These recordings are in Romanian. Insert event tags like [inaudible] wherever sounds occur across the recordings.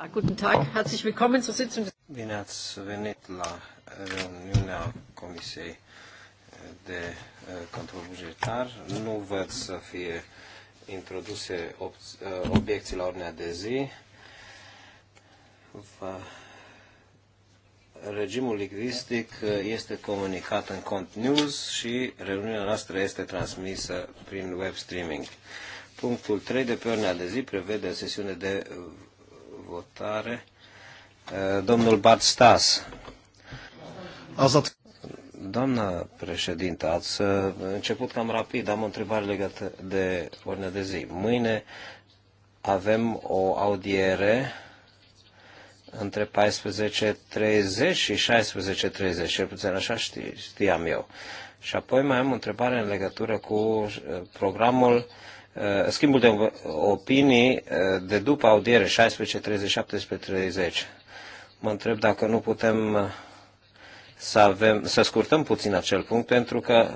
Ah, guten Tag, herzlich willkommen zur Sitzung. Bine ați venit la eh, reuniunea Comisiei eh, de eh, Control Bugetar. Nu văd să fie introduse obiecții la ordinea de zi. Regimul lingvistic este comunicat în cont news și reuniunea noastră este transmisă prin web streaming. Punctul 3 de pe ordinea de zi prevede sesiune de votare. Domnul Bart Stas. președintă, ați început cam rapid. Am o întrebare legată de ordine de zi. Mâine avem o audiere între 14.30 și 16.30, cel puțin așa știam eu. Și apoi mai am o întrebare în legătură cu programul Uh, schimbul de opinii uh, de după audiere 16.30-17.30. Mă întreb dacă nu putem uh, să, avem, să scurtăm puțin acel punct, pentru că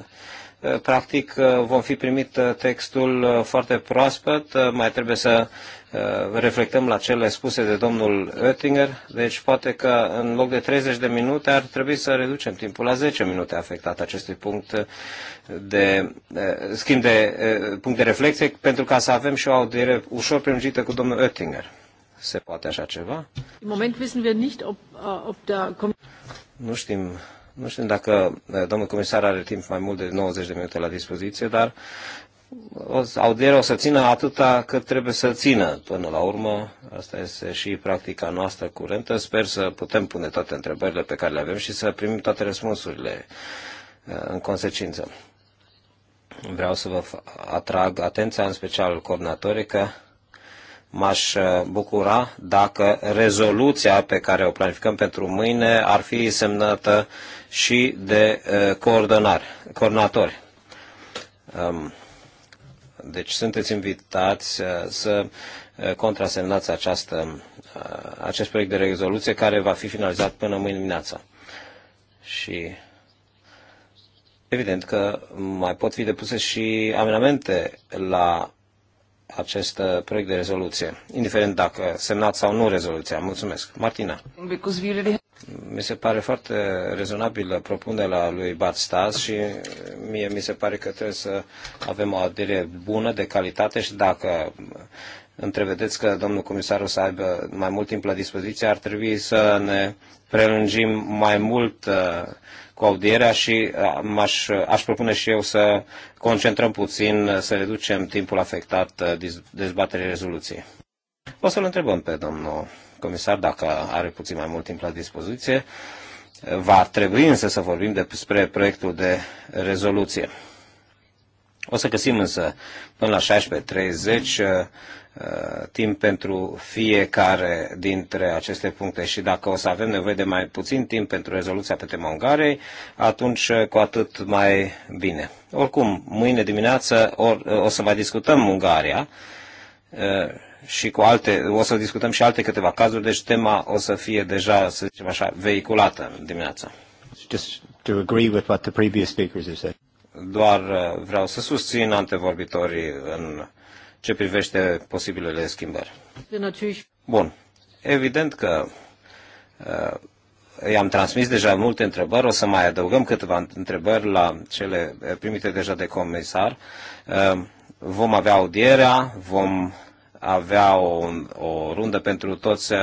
Eh, practic eh, vom fi primit eh, textul foarte proaspăt, mai trebuie să reflectăm la cele spuse de domnul Oettinger, deci poate că în loc de 30 de minute ar trebui să reducem timpul la 10 minute afectat acestui punct de schimb de punct de reflexie, pentru ca să avem și o audiere ușor prelungită cu domnul Oettinger. Se poate așa ceva? Da nu știm nu știu dacă eh, domnul comisar are timp mai mult de 90 de minute la dispoziție, dar audierea o să țină atâta cât trebuie să țină până la urmă. Asta este și practica noastră curentă. Sper să putem pune toate întrebările pe care le avem și să primim toate răspunsurile eh, în consecință. Vreau să vă atrag atenția, în special coordonatorii, că m-aș eh, bucura dacă rezoluția pe care o planificăm pentru mâine ar fi semnată și de uh, coordonare, coordonatori. Um, deci sunteți invitați uh, să uh, contrasemnați această, acest proiect de rezoluție care va fi finalizat până mâine dimineața. Și evident că mai pot fi depuse și amenamente la acest proiect de rezoluție, indiferent dacă semnați sau nu rezoluția. Mulțumesc. Martina mi se pare foarte rezonabilă propunerea lui Bart Stas și mie mi se pare că trebuie să avem o adere bună, de calitate și dacă întrevedeți că domnul comisar o să aibă mai mult timp la dispoziție, ar trebui să ne prelungim mai mult uh, cu audierea și uh, aș uh, aș propune și eu să concentrăm puțin, să reducem timpul afectat dezbaterii rezoluției. O să-l întrebăm pe domnul comisar, dacă are puțin mai mult timp la dispoziție. Va trebui însă să vorbim despre proiectul de rezoluție. O să găsim însă până la 16.30 uh, uh, timp pentru fiecare dintre aceste puncte și dacă o să avem nevoie de mai puțin timp pentru rezoluția pe tema Ungarei, atunci uh, cu atât mai bine. Oricum, mâine dimineață or, o să mai discutăm Ungaria și cu alte, o să discutăm și alte câteva cazuri, deci tema o să fie deja, să zicem așa, vehiculată dimineața. Just to agree with what the previous speakers have said. Doar uh, vreau să susțin antevorbitorii în ce privește posibilele schimbări. Bun. Evident că uh, i-am transmis deja multe întrebări, o să mai adăugăm câteva întrebări la cele primite deja de comisar. Uh, vom avea audierea, vom avea o, o rundă pentru toți uh,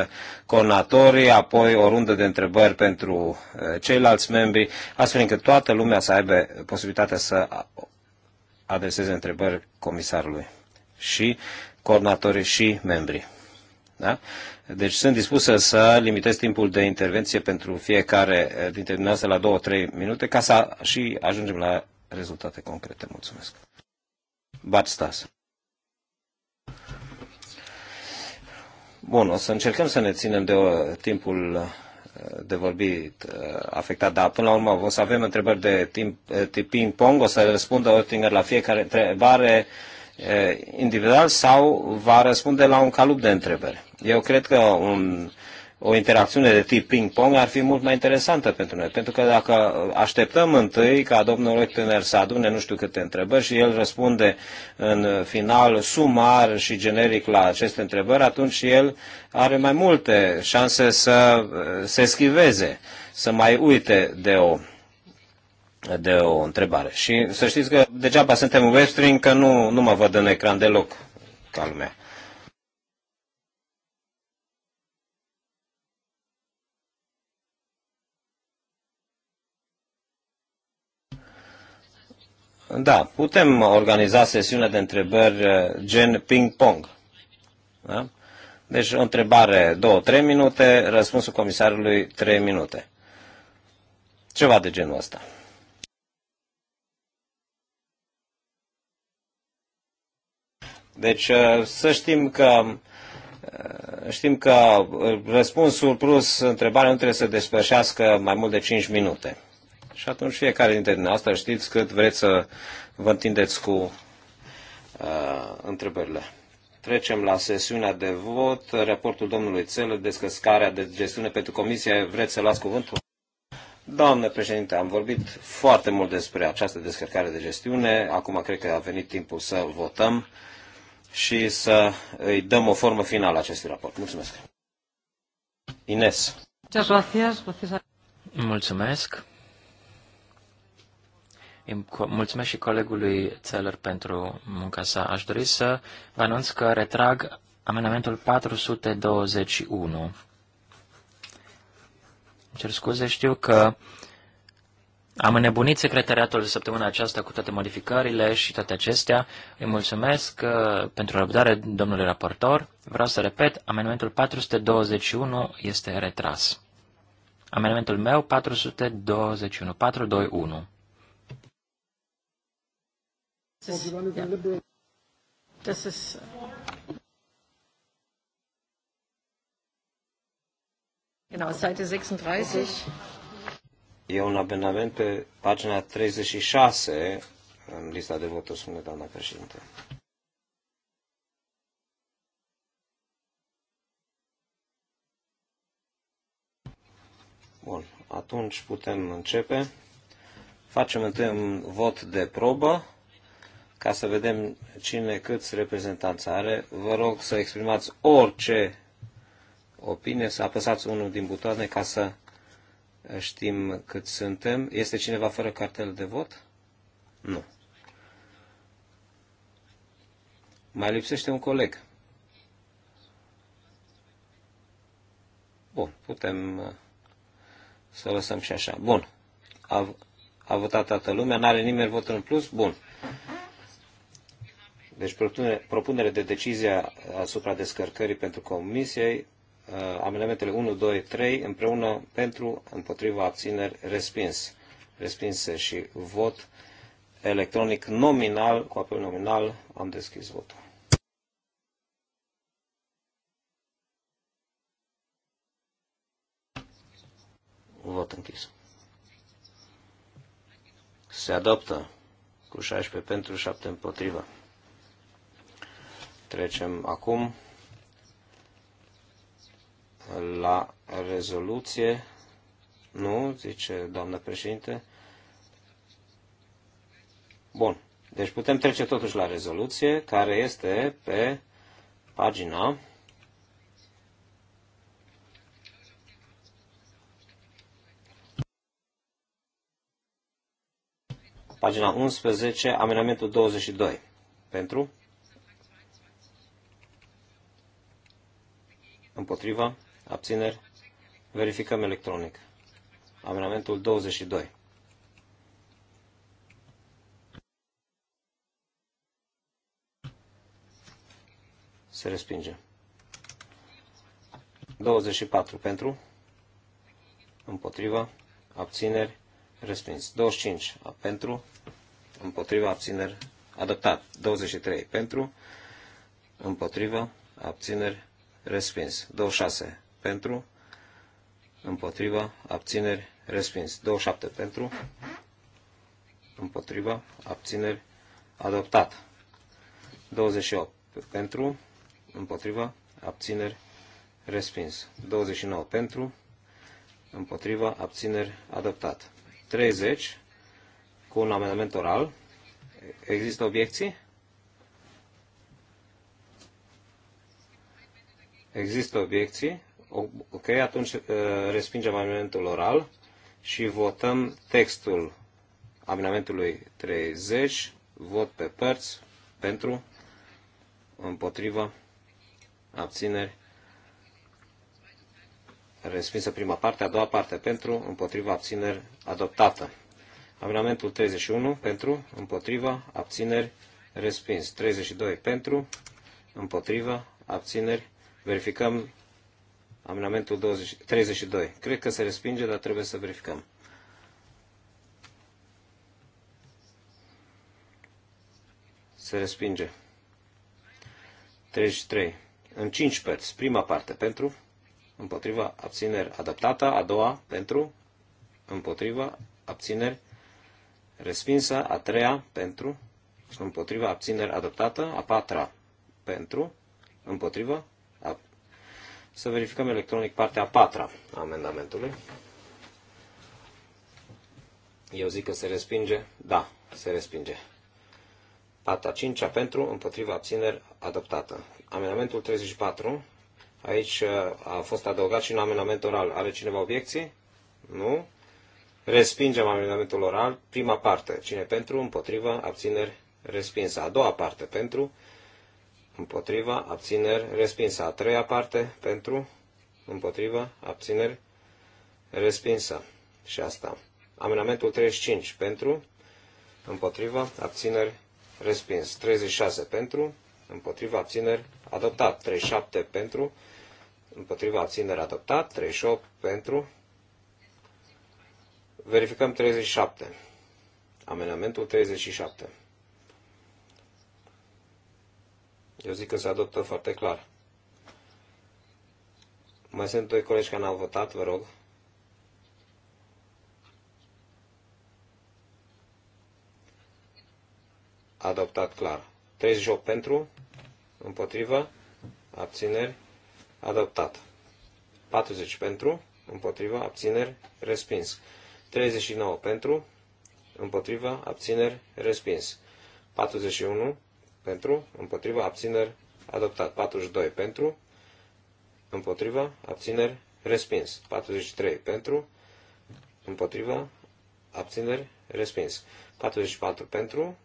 conatorii, apoi o rundă de întrebări pentru uh, ceilalți membri, astfel încât toată lumea să aibă posibilitatea să adreseze întrebări comisarului și coordonatorii și membrii. Da? Deci sunt dispusă să limitez timpul de intervenție pentru fiecare uh, dintre dumneavoastră la 2-3 minute ca să și ajungem la rezultate concrete. Mulțumesc. Bart Stas. Bun, o să încercăm să ne ținem de timpul uh, de vorbit uh, afectat, dar până la urmă o să avem întrebări de timp, uh, tip ping-pong, o să răspundă Oettinger la fiecare întrebare individual sau va răspunde la un calup de întrebări. Eu cred că un o interacțiune de tip ping-pong ar fi mult mai interesantă pentru noi. Pentru că dacă așteptăm întâi ca domnul Oettinger să adune nu știu câte întrebări și el răspunde în final sumar și generic la aceste întrebări, atunci el are mai multe șanse să uh, se schiveze, să mai uite de o de o întrebare. Și să știți că degeaba suntem webstream, că nu, nu mă văd în ecran deloc ca lumea. Da, putem organiza sesiune de întrebări eh, gen ping-pong. Da? Deci o întrebare 2-3 minute, răspunsul comisarului 3 minute. Ceva de genul ăsta. Deci eh, să știm că eh, știm că răspunsul plus întrebarea nu trebuie să despășească mai mult de 5 minute. Și atunci fiecare dintre dumneavoastră știți cât vreți să vă întindeți cu uh, întrebările. Trecem la sesiunea de vot. Raportul domnului Țelă, scarea de gestiune pentru comisie. Vreți să luați cuvântul? Doamne președinte, am vorbit foarte mult despre această descărcare de gestiune. Acum cred că a venit timpul să votăm și să îi dăm o formă finală acestui raport. Mulțumesc. Ines. Mulțumesc. Mulțumesc și colegului Țelăr pentru munca sa. Aș dori să vă anunț că retrag amendamentul 421. Îmi cer scuze, știu că am înnebunit secretariatul săptămâna aceasta cu toate modificările și toate acestea. Îi mulțumesc uh, pentru răbdare, domnule raportor. Vreau să repet, amendamentul 421 este retras. Amendamentul meu 421, 421 ist, ja. das ist genau, Seite 36. E un abonament pe pagina 36 în lista de voturi, spune doamna președinte. Bun, atunci putem începe. Facem întâi un vot de probă ca să vedem cine câți reprezentanți are. Vă rog să exprimați orice opinie, să apăsați unul din butoane ca să știm cât suntem. Este cineva fără cartel de vot? Nu. Mai lipsește un coleg. Bun, putem uh, să lăsăm și așa. Bun. A, a votat toată lumea, n-are nimeni vot în plus? Bun. Deci propunere de decizie asupra descărcării pentru comisiei, uh, amendamentele 1, 2, 3 împreună pentru, împotriva abțineri, respins. Respinse și vot electronic nominal, cu apel nominal, am deschis votul. Vot închis. Se adoptă cu 16 pentru 7 împotriva. Trecem acum la rezoluție. Nu, zice doamna președinte. Bun. Deci putem trece totuși la rezoluție, care este pe pagina pagina 11, amenamentul 22. Pentru? împotriva, abțineri, verificăm electronic. Amendamentul 22. Se respinge. 24 pentru, împotriva, abțineri, respins. 25 pentru, împotriva, abțineri, adoptat. 23 pentru, împotriva, abțineri, respins. 26 pentru, împotriva, abțineri, respins. 27 pentru, împotriva, abțineri, adoptat. 28 pentru, împotriva, abțineri, respins. 29 pentru, împotriva, abțineri, adoptat. 30 cu un amendament oral. Există obiecții? Există obiecții? Ok, atunci uh, respingem amendamentul oral și votăm textul amendamentului 30, vot pe părți, pentru, împotriva, abțineri, respinsă prima parte, a doua parte pentru, împotriva, abțineri, adoptată. Amendamentul 31 pentru, împotriva, abțineri, respins. 32 pentru, împotriva, abțineri, Verificăm amendamentul 20, 32. Cred că se respinge, dar trebuie să verificăm. Se respinge. 33. În 5 părți. Prima parte pentru, împotriva, abțineri, adaptată. A doua, pentru, împotriva, abțineri, respinsă. A treia, pentru, împotriva, abțineri, adaptată. A patra, pentru, împotriva, să verificăm electronic partea a patra a amendamentului. Eu zic că se respinge. Da, se respinge. Partea 5 pentru, împotriva abțineri, adoptată. Amendamentul 34. Aici uh, a fost adăugat și un amendament oral. Are cineva obiecții? Nu. Respingem amendamentul oral. Prima parte. Cine pentru, împotriva, abțineri, respinsă. A doua parte pentru, împotriva, abțineri, respinsă. A treia parte, pentru, împotriva, abțineri, respinsă. Și asta. Amenamentul 35, pentru, împotriva, abțineri, respins. 36 pentru, împotriva, abțineri, adoptat. 37 pentru, împotriva, abțineri, adoptat. 38 pentru, verificăm 37. Amenamentul 37. Eu zic că se adoptă foarte clar. Mai sunt doi colegi care n-au votat, vă rog. Adoptat clar. 38 pentru, împotrivă, abțineri, adoptat. 40 pentru, împotrivă, abțineri, respins. 39 pentru, împotrivă, abțineri, respins. 41 pentru, împotriva, abțineri, adoptat. 42 pentru, împotriva, abțineri, respins. 43 pentru, împotriva, abțineri, respins. 44 pentru,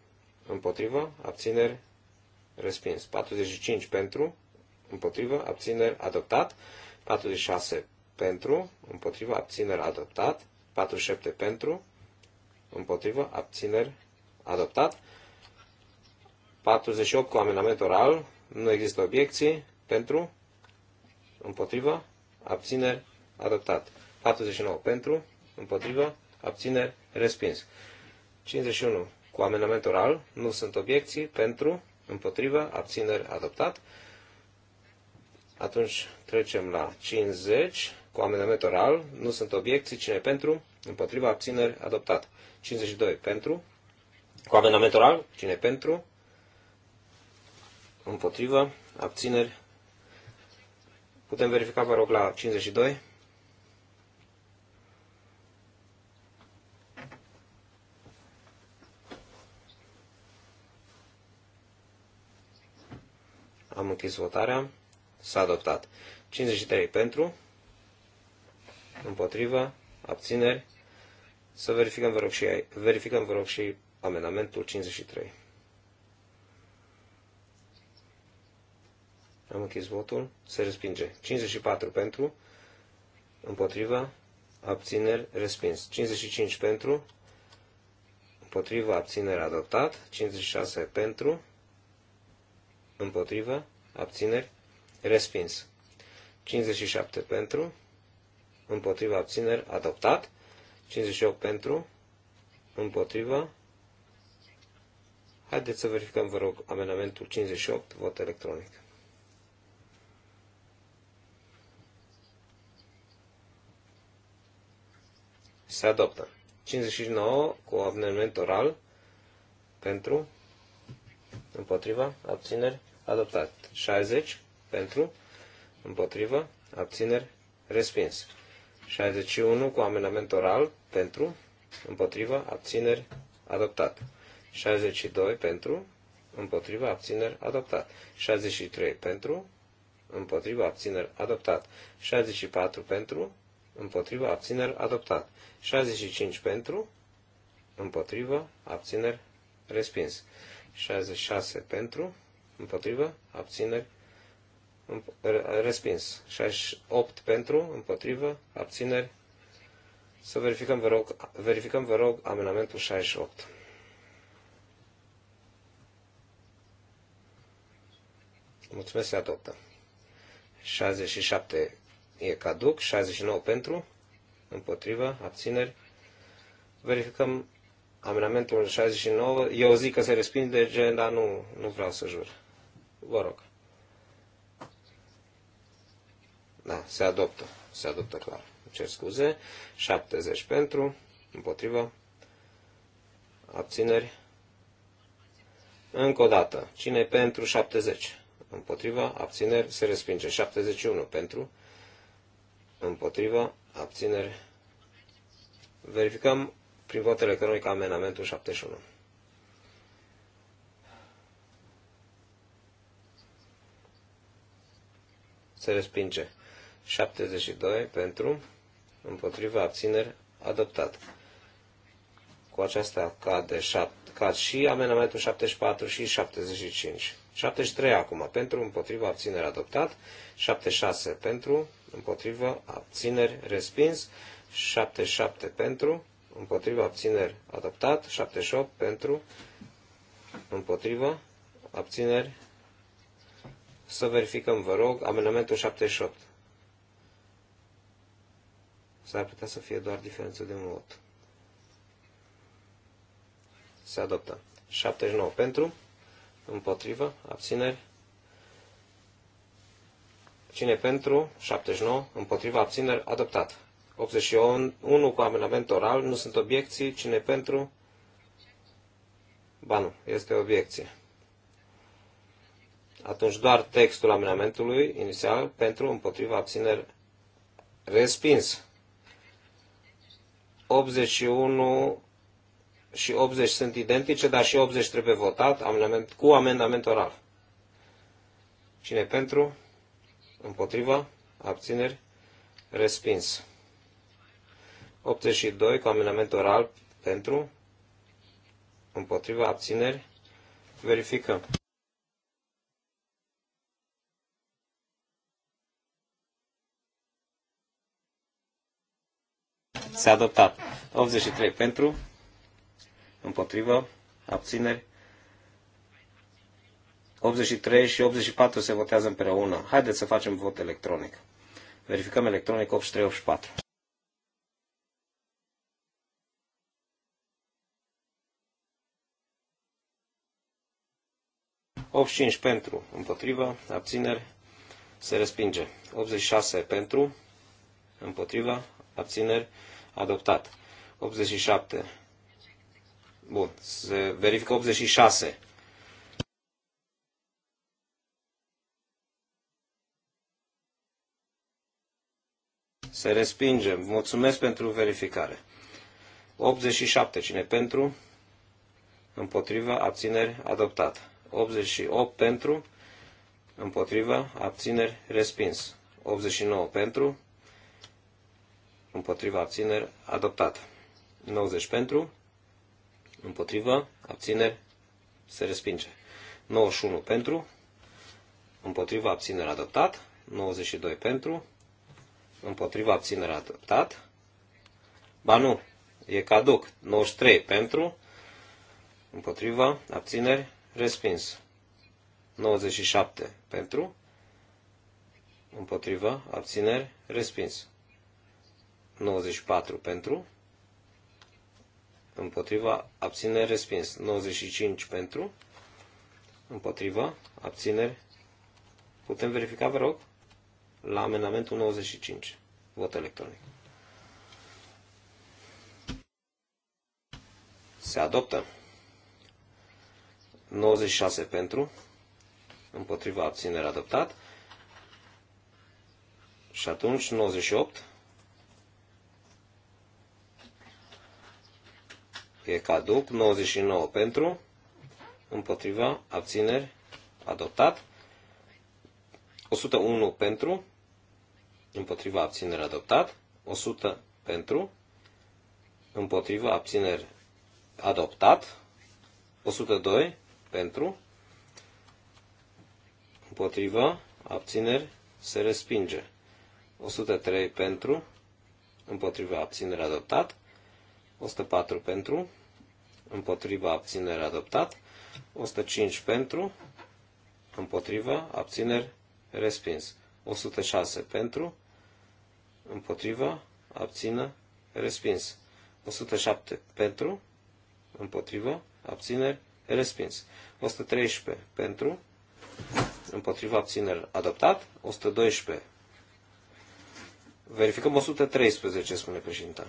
împotriva, abțineri, respins. 45 pentru, împotriva, abțineri, adoptat. 46 pentru, împotriva, abțineri, adoptat. 47 pentru, împotriva, abțineri, adoptat. 48 cu amendament oral. Nu există obiecții. Pentru? Împotrivă? Abțineri? Adoptat. 49 pentru? Împotrivă? Abțineri? Respins. 51 cu amendament oral. Nu sunt obiecții. Pentru? Împotrivă? Abțineri? Adoptat. Atunci trecem la 50 cu amendament oral. Nu sunt obiecții. Cine pentru? Împotriva abțineri adoptat. 52 pentru. Cu amendament oral. Cine pentru? împotrivă, abțineri. Putem verifica, vă rog, la 52. Am închis votarea. S-a adoptat. 53 pentru, împotrivă, abțineri. Să verificăm, vă rog, și, verificăm, vă rog, și amendamentul 53. Am închis votul. Se respinge. 54 pentru. Împotriva. Abțineri. Respins. 55 pentru. Împotriva. Abțineri. Adoptat. 56 pentru. Împotriva. Abțineri. Respins. 57 pentru. Împotriva. Abțineri. Adoptat. 58 pentru. Împotriva. Haideți să verificăm, vă rog, amendamentul 58, vot electronic. se adoptă. 59 cu abonament oral pentru, împotriva, abțineri, adoptat. 60 pentru, împotriva, abțineri, respins. 61 cu amendament oral pentru, împotriva, abțineri, adoptat. 62 pentru, împotriva, abțineri, adoptat. 63 pentru, împotriva, abțineri, adoptat. 64 pentru, împotriva, abțineri, adoptat. 65 pentru, împotriva, abțineri, respins. 66 pentru, împotriva, abțineri, respins. 68 pentru, împotriva, abțineri, să verificăm, vă rog, verificăm, vă rog, amenamentul 68. Mulțumesc, se adoptă. 67 e caduc, 69 pentru, împotriva, abțineri. Verificăm amenamentul 69. Eu zic că se respinge, dar nu, nu vreau să jur. Vă rog. Da, se adoptă. Se adoptă clar. Cer scuze. 70 pentru, împotriva, abțineri. Încă o dată. Cine pentru 70? Împotriva, abțineri, se respinge. 71 pentru, Împotrivă. abțineri. Verificăm prin vot electronic amenamentul 71. Se respinge. 72 pentru, Împotrivă. abțineri, adoptat. Cu aceasta cade, cad și amenamentul 74 și 75. 73 acum pentru, împotriva abțineri adoptat, 76 pentru, împotriva abțineri respins, 77 pentru, împotriva abțineri adoptat, 78 pentru, împotriva abțineri. Să verificăm, vă rog, amendamentul 78. S-ar putea să fie doar diferență de un vot. Se adoptă. 79 pentru, Împotrivă. Abțineri. Cine pentru? 79. Împotrivă. Abțineri. Adoptat. 81 cu amendament oral. Nu sunt obiecții. Cine pentru? Ba nu. Este obiecție. Atunci doar textul amendamentului inițial pentru împotriva abțineri respins. 81 și 80 sunt identice, dar și 80 trebuie votat amendament, cu amendament oral. Cine pentru? Împotriva? Abțineri? Respins. 82 cu amendament oral pentru? Împotriva? Abțineri? Verificăm. s-a adoptat. 83 pentru, împotrivă, abțineri. 83 și 84 se votează împreună. Haideți să facem vot electronic. Verificăm electronic 83-84. cinci pentru, împotriva, abțineri, se respinge. 86 pentru, împotriva, abțineri, adoptat. 87 Bun, se verifică 86. Se respinge. Mulțumesc pentru verificare. 87. Cine pentru? Împotriva, abțineri, adoptat. 88 pentru, împotriva, abțineri, respins. 89 pentru, împotriva, abțineri, adoptat. 90 pentru, împotrivă, abțineri, se respinge. 91 pentru, împotriva abțineri, adoptat, 92 pentru, împotriva abțineri, adoptat, ba nu, e caduc, 93 pentru, împotriva abțineri, respins, 97 pentru, împotriva abțineri, respins, 94 pentru, împotriva, abțineri, respins. 95 pentru, împotriva, abțineri. Putem verifica, vă rog, la amendamentul 95. Vot electronic. Se adoptă. 96 pentru, împotriva abținere adoptat. Și atunci 98 e caduc, 99 pentru, împotriva, abțineri, adoptat, 101 pentru, împotriva, abțineri, adoptat, 100 pentru, împotriva, abțineri, adoptat, 102 pentru, împotriva, abțineri, se respinge, 103 pentru, împotriva, abțineri, adoptat, 104 pentru, împotriva abținere adoptat, 105 pentru, împotriva abțineri respins, 106 pentru, împotriva abțină respins, 107 pentru, împotriva abțineri respins, 113 pentru, împotriva abțineri adoptat, 112 Verificăm 113, spune președinta.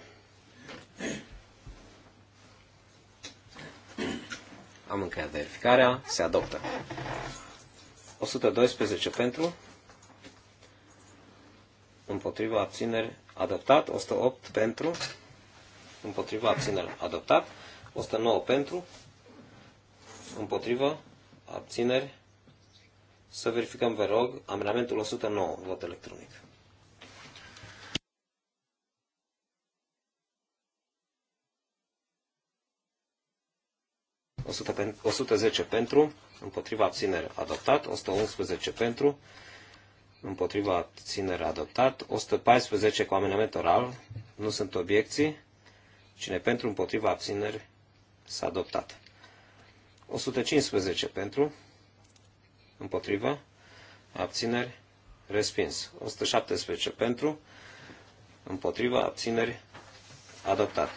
Am încheiat verificarea. Se adoptă. 112 pentru. Împotriva abțineri adoptat. 108 pentru. Împotriva abțineri adoptat. 109 pentru. Împotriva abțineri. Să verificăm, vă rog, amendamentul 109, vot electronic. 110 pentru, împotriva abținere adoptat, 111 pentru, împotriva abținere adoptat, 114 cu amendament oral, nu sunt obiecții, cine pentru, împotriva abținere s-a adoptat. 115 pentru, împotriva, abțineri, respins. 117 pentru, împotriva, abțineri, adoptat.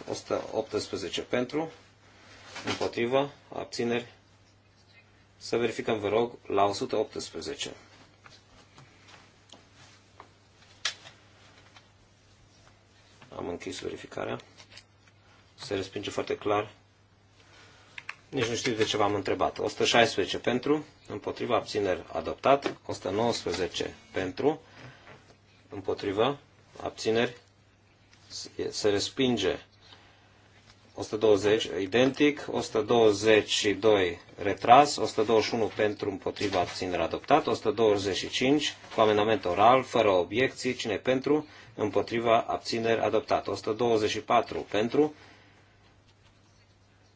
118 pentru, împotrivă, abțineri. Să verificăm, vă rog, la 118. Am închis verificarea. Se respinge foarte clar. Nici nu știu de ce v-am întrebat. 116 pentru, împotriva abțineri adoptat, 119 pentru, împotriva abțineri se respinge 120 identic, 122 retras, 121 pentru împotriva abținerea adoptat, 125 cu amendament oral, fără obiecții, cine pentru împotriva abțineri adoptat, 124 pentru,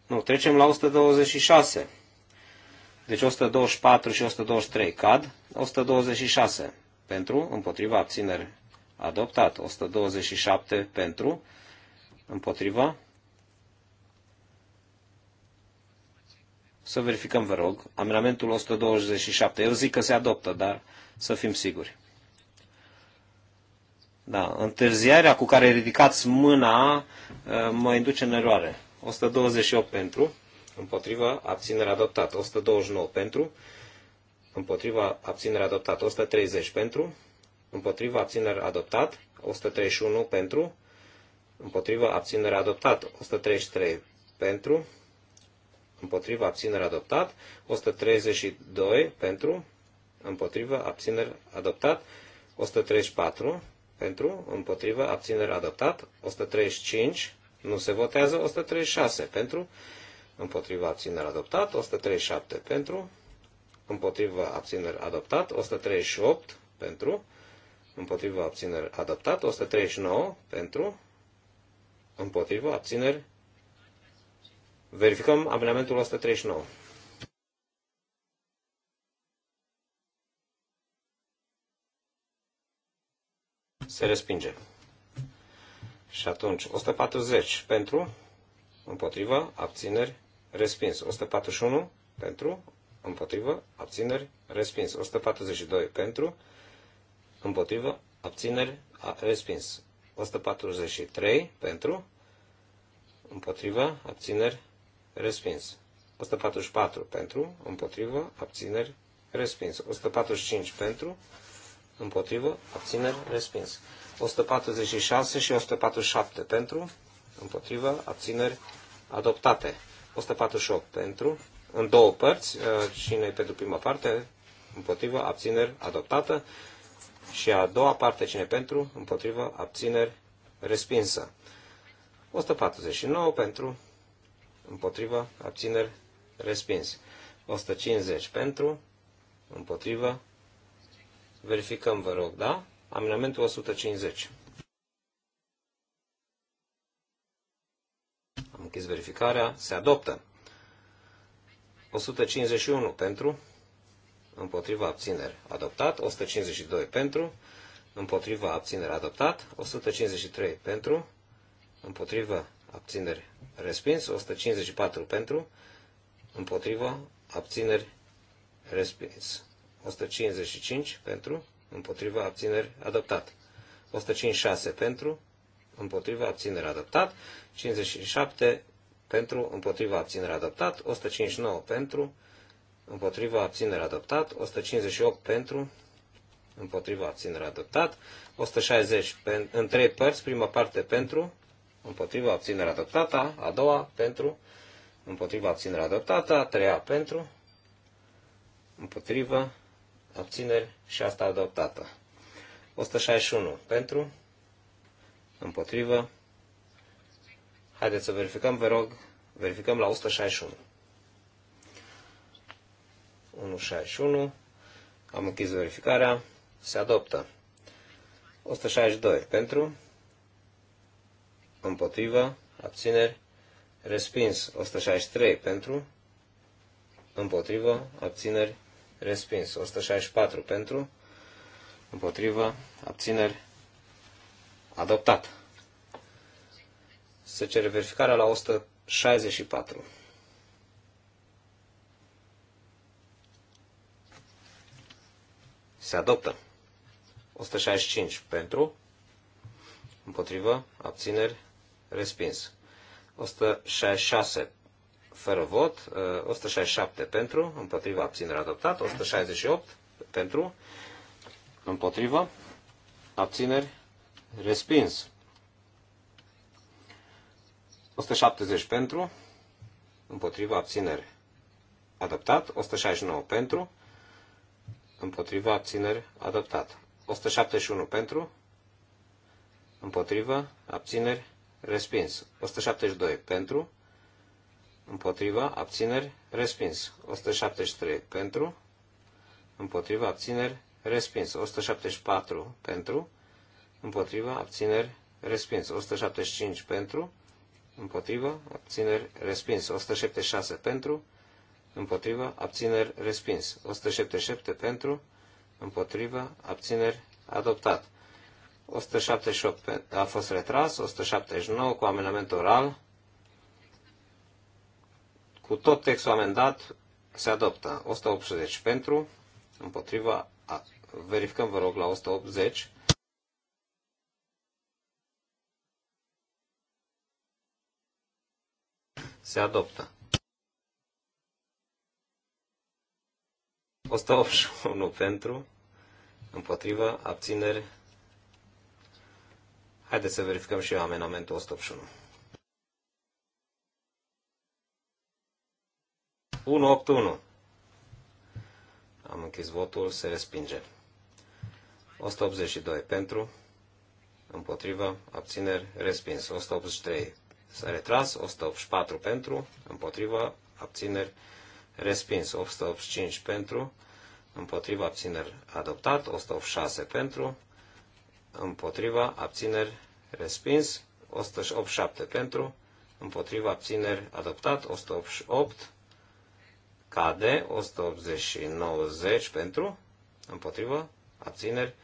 nu, trecem la 126, deci 124 și 123 cad, 126 pentru, împotriva abțineri adoptat, 127 pentru, împotriva Să verificăm, vă rog, amendamentul 127. Eu zic că se adoptă, dar să fim siguri. Da, întârziarea cu care ridicați mâna uh, mă induce în eroare. 128 pentru, împotriva, abținere adoptată. 129 pentru, împotriva, abținere adoptată. 130 pentru, împotriva, abținere adoptat. 131 pentru, împotriva, abținere adoptat. 133 pentru, împotriva abțineri adoptat, 132 pentru, împotriva abțineri adoptat, 134 pentru, împotriva abțineri adoptat, 135 nu se votează, 136 pentru, împotriva abțineri adoptat, 137 pentru, împotriva abțineri adoptat, 138 pentru, împotriva abțineri adoptat, 139 pentru, împotriva abțineri Verificăm amendamentul 139. Se respinge. Și atunci, 140 pentru, împotrivă, abțineri, respins. 141 pentru, împotrivă, abțineri, respins. 142 pentru, împotrivă, abțineri, a, respins. 143 pentru, împotrivă, abțineri, respins. 144 pentru, împotrivă, abțineri, respins. 145 pentru, împotrivă, abțineri, respins. 146 și 147 pentru, împotrivă, abțineri, adoptate. 148 pentru, în două părți, uh, cine pentru prima parte, împotrivă, abțineri, adoptată, și a doua parte, cine pentru, împotrivă, abțineri, respinsă. 149 pentru, împotriva, abțineri, respins. 150 pentru, împotriva, verificăm, vă rog, da? Amendamentul 150. Am închis verificarea, se adoptă. 151 pentru, împotriva abțineri adoptat, 152 pentru, împotriva abțineri adoptat, 153 pentru, împotriva abțineri respins, 154 pentru, împotriva, abțineri respins, 155 pentru, împotriva, abțineri adoptat, 156 pentru, împotriva, abțineri adoptat, 57 pentru, împotriva, abțineri adoptat, 159 pentru, împotriva, abțineri adoptat, 158 pentru, împotriva abținerea adoptat, 160 pen, în trei părți, prima parte pentru, împotriva abținerea adoptată, a doua pentru, împotriva abținerea adoptată, a treia pentru, împotriva abțineri și asta adoptată. 161 pentru, împotriva, Haideți să verificăm, vă rog, verificăm la 161. 161, am închis verificarea, se adoptă. 162 pentru, împotrivă, abțineri, respins. 163 pentru, împotrivă, abțineri, respins. 164 pentru, împotrivă, abțineri, adoptat. Se cere verificarea la 164. Se adoptă. 165 pentru, împotrivă, abțineri, respins. 166 fără vot, 167 uh, pentru, împotriva abținerea adoptat, 168 pentru, împotriva, abțineri, respins. 170 pentru, împotriva, abțineri, adoptat, 169 pentru, împotriva, abțineri, adoptat, 171 pentru, împotriva, abțineri, respins. 172 pentru, împotriva, abțineri, respins. 173 pentru, împotriva, abțineri, respins. 174 pentru, împotriva, abțineri, respins. 175 pentru, împotriva, abțineri, respins. 176 pentru, împotriva, abțineri, respins. 177 pentru, împotriva, abțineri, adoptat. 178 a fost retras, 179 cu amendament oral, cu tot textul amendat se adoptă 180 pentru, împotriva, verificăm vă rog la 180, se adoptă. 181 pentru, împotriva, abțineri, Haideți să verificăm și amenamentul 181. 181. Am închis votul, se respinge. 182 pentru, împotrivă, abțineri, respins. 183 s-a retras, 184 pentru, împotrivă, abțineri, respins. 185 pentru, împotrivă, abțineri, adoptat. 186 pentru, împotriva, abțineri, respins, 187 pentru, împotriva abțineri adoptat, 188 cade, 189 pentru, împotriva abțineri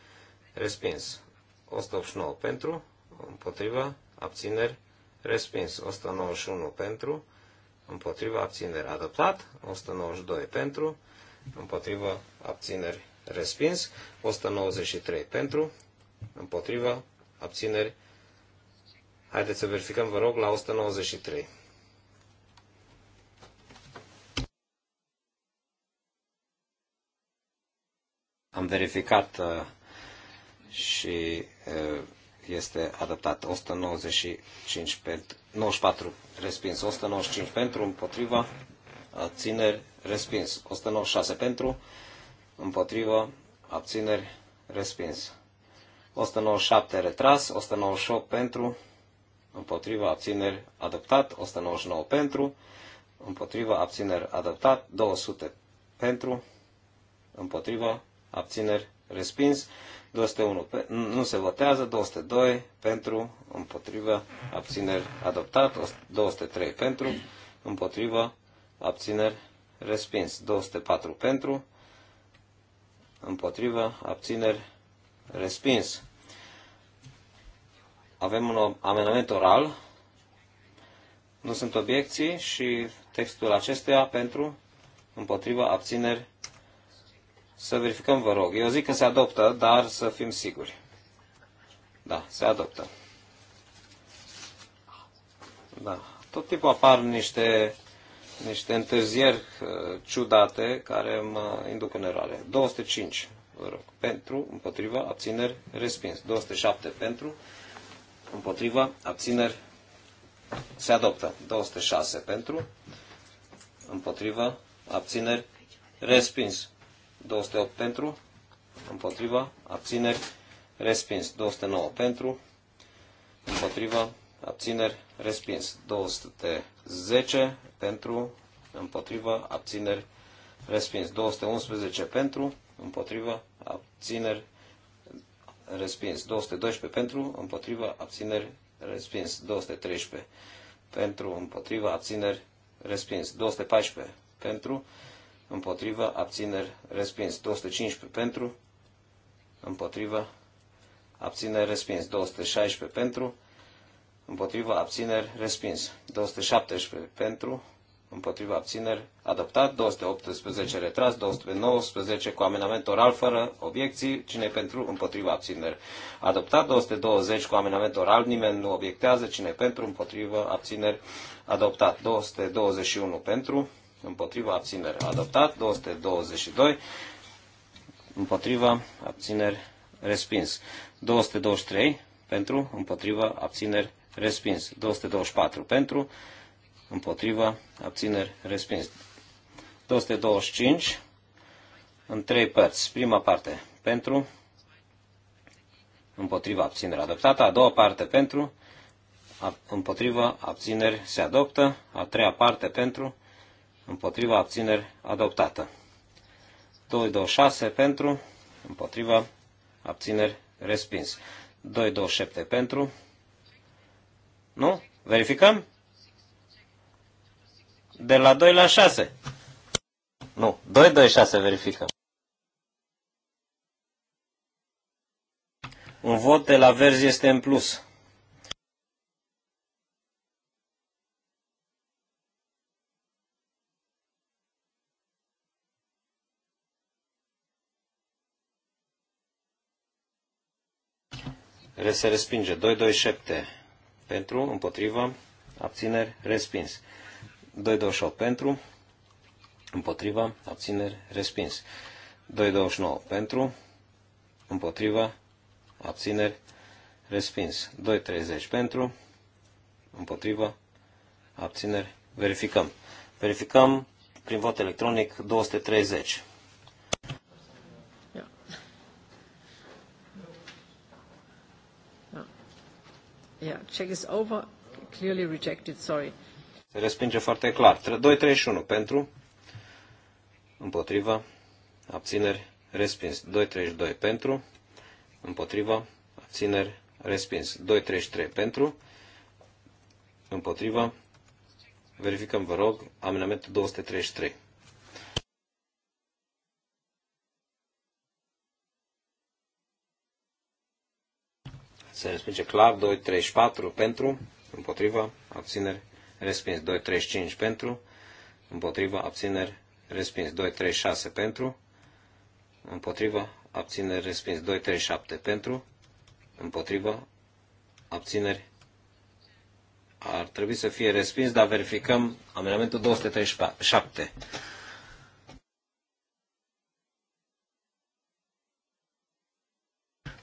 respins, 189 pentru, împotriva abțineri respins, 191 pentru, împotriva abțineri adoptat, 192 pentru, împotriva abțineri respins, 193 pentru, împotriva abțineri respins Haideți să verificăm, vă rog, la 193. Am verificat uh, și uh, este adaptat 195 pentru, 94 respins, 195 pentru, împotriva, abțineri, respins, 196 pentru, împotriva, abțineri, respins, 197 retras, 198 pentru, împotriva abțineri adoptat, 199 pentru, împotriva abțineri adoptat, 200 pentru, împotriva abțineri respins, 201 pe, nu se votează, 202 pentru, împotriva abțineri adoptat, 203 pentru, împotriva abțineri respins, 204 pentru, împotriva abțineri respins. Avem un amendament oral. Nu sunt obiecții și textul acesteia pentru, împotriva, abțineri. Să verificăm, vă rog. Eu zic că se adoptă, dar să fim siguri. Da, se adoptă. Da. Tot timpul apar niște, niște întârzieri uh, ciudate care mă induc în eroare. 205, vă rog, pentru, împotriva, abțineri, respins. 207 pentru, împotriva, abțineri, se adoptă. 206 pentru, împotriva, abțineri, respins. 208 pentru, împotriva, abțineri, respins. 209 pentru, împotriva, abțineri, respins. 210 pentru, împotriva, abțineri, respins. 211 pentru, împotriva, abțineri, respins. 212 pentru, împotriva, abțineri, respins. 213 pentru, împotriva, abțineri, respins. 214 pentru, împotriva, abțineri, respins. 215 pentru, împotriva, abțineri, respins. 216 pentru, împotriva, abțineri, respins. 217 pentru, împotriva abțineri, adoptat, 218 retras, 219 cu amenament oral fără obiecții, cine pentru, împotriva abțineri, adoptat, 220 cu amenament oral, nimeni nu obiectează, cine pentru, împotriva abțineri, adoptat, 221 pentru, împotriva abțineri, adoptat, 222 împotriva abțineri, respins, 223 pentru, împotriva abțineri, respins, 224 pentru, împotriva, abțineri, respins. 225 în trei părți. Prima parte pentru, împotriva, abțineri adoptată. A doua parte pentru, împotriva, abțineri se adoptă. A treia parte pentru, împotriva, abțineri adoptată. 226 pentru, împotriva, abțineri respins. 227 pentru, nu? Verificăm? de la 2 la 6. Nu, 2, 2, 6 verificăm. Un vot de la verzi este în plus. Se respinge. 227 pentru, împotrivă, abțineri, respins. 228 pentru, împotriva, abțineri, respins. 229 pentru, împotriva, abțineri, respins. 230 pentru, împotriva, abțineri, verificăm. Verificăm prin vot electronic 230. Yeah, check is over. Clearly rejected, sorry. Se respinge foarte clar. 231 pentru, împotriva, abțineri, respins. 232 pentru, împotriva, abțineri, respins. 233 pentru, împotriva, verificăm, vă rog, amenamentul 233. Se respinge clar, 2, 3, 4, pentru, împotriva, abțineri, respins 235 pentru, împotriva abțineri respins 236 pentru, împotriva abțineri respins 237 pentru, împotriva abțineri ar trebui să fie respins, dar verificăm amendamentul 237.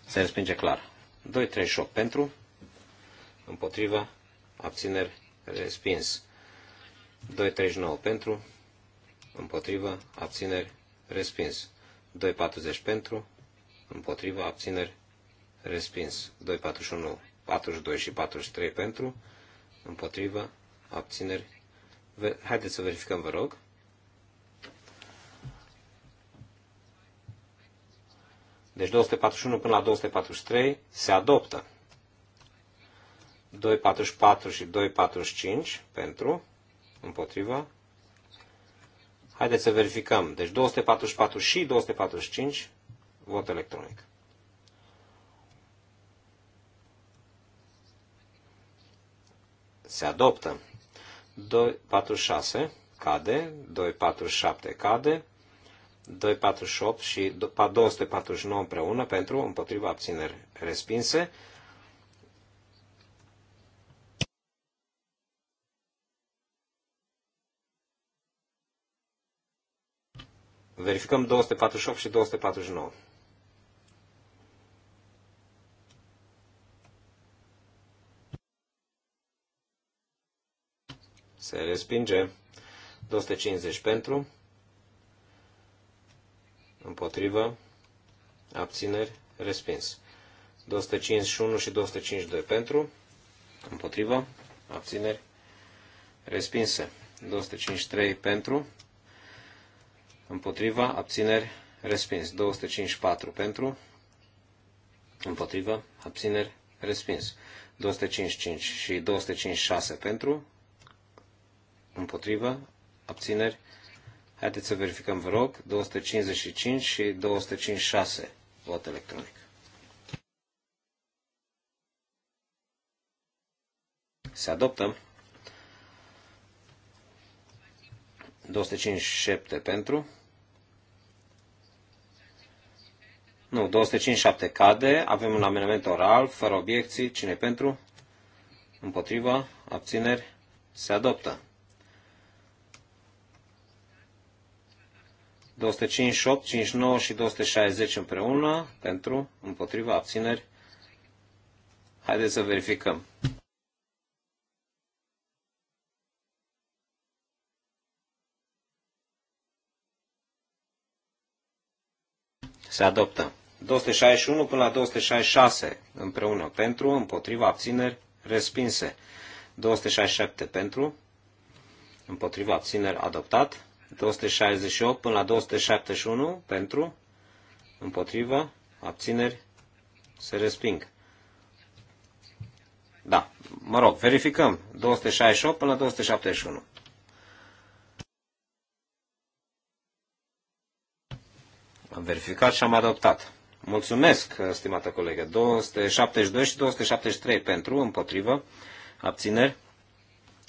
Se respinge clar. 238 pentru, împotriva, abțineri respins. 2.39 pentru, împotrivă, abțineri, respins. 2.40 pentru, împotrivă, abțineri, respins. 2.41, 42 și 43 pentru, împotrivă, abțineri. Haideți să verificăm, vă rog. Deci 241 până la 243 se adoptă. 244 și 245 pentru, împotrivă. Haideți să verificăm. Deci 244 și 245, vot electronic. Se adoptă. 246 cade, 247 cade, 248 și 249 împreună pentru împotriva abțineri respinse, Verificăm 248 și 249. Se respinge. 250 pentru. Împotrivă. Abțineri. Respins. 251 și 252 pentru. Împotrivă. Abțineri. Respinse. 253 pentru împotriva, abțineri, respins. 254 pentru, împotriva, abțineri, respins. 255 și 256 pentru, împotriva, abțineri. Haideți să verificăm, vă rog, 255 și 256 vot electronic. Se adoptă. 257 pentru. Nu, 257 cade. Avem un amendament oral, fără obiecții. Cine pentru? Împotriva? Abțineri? Se adoptă. 258, 59 și 260 împreună, pentru, împotriva, abțineri. Haideți să verificăm. Se adoptă. 261 până la 266 împreună pentru, împotriva abțineri respinse. 267 pentru, împotriva abțineri adoptat. 268 până la 271 pentru, împotriva abțineri se resping. Da, mă rog, verificăm. 268 până la 271. Am verificat și am adoptat. Mulțumesc, stimată colegă. 272 și 273 pentru, împotrivă, abțineri,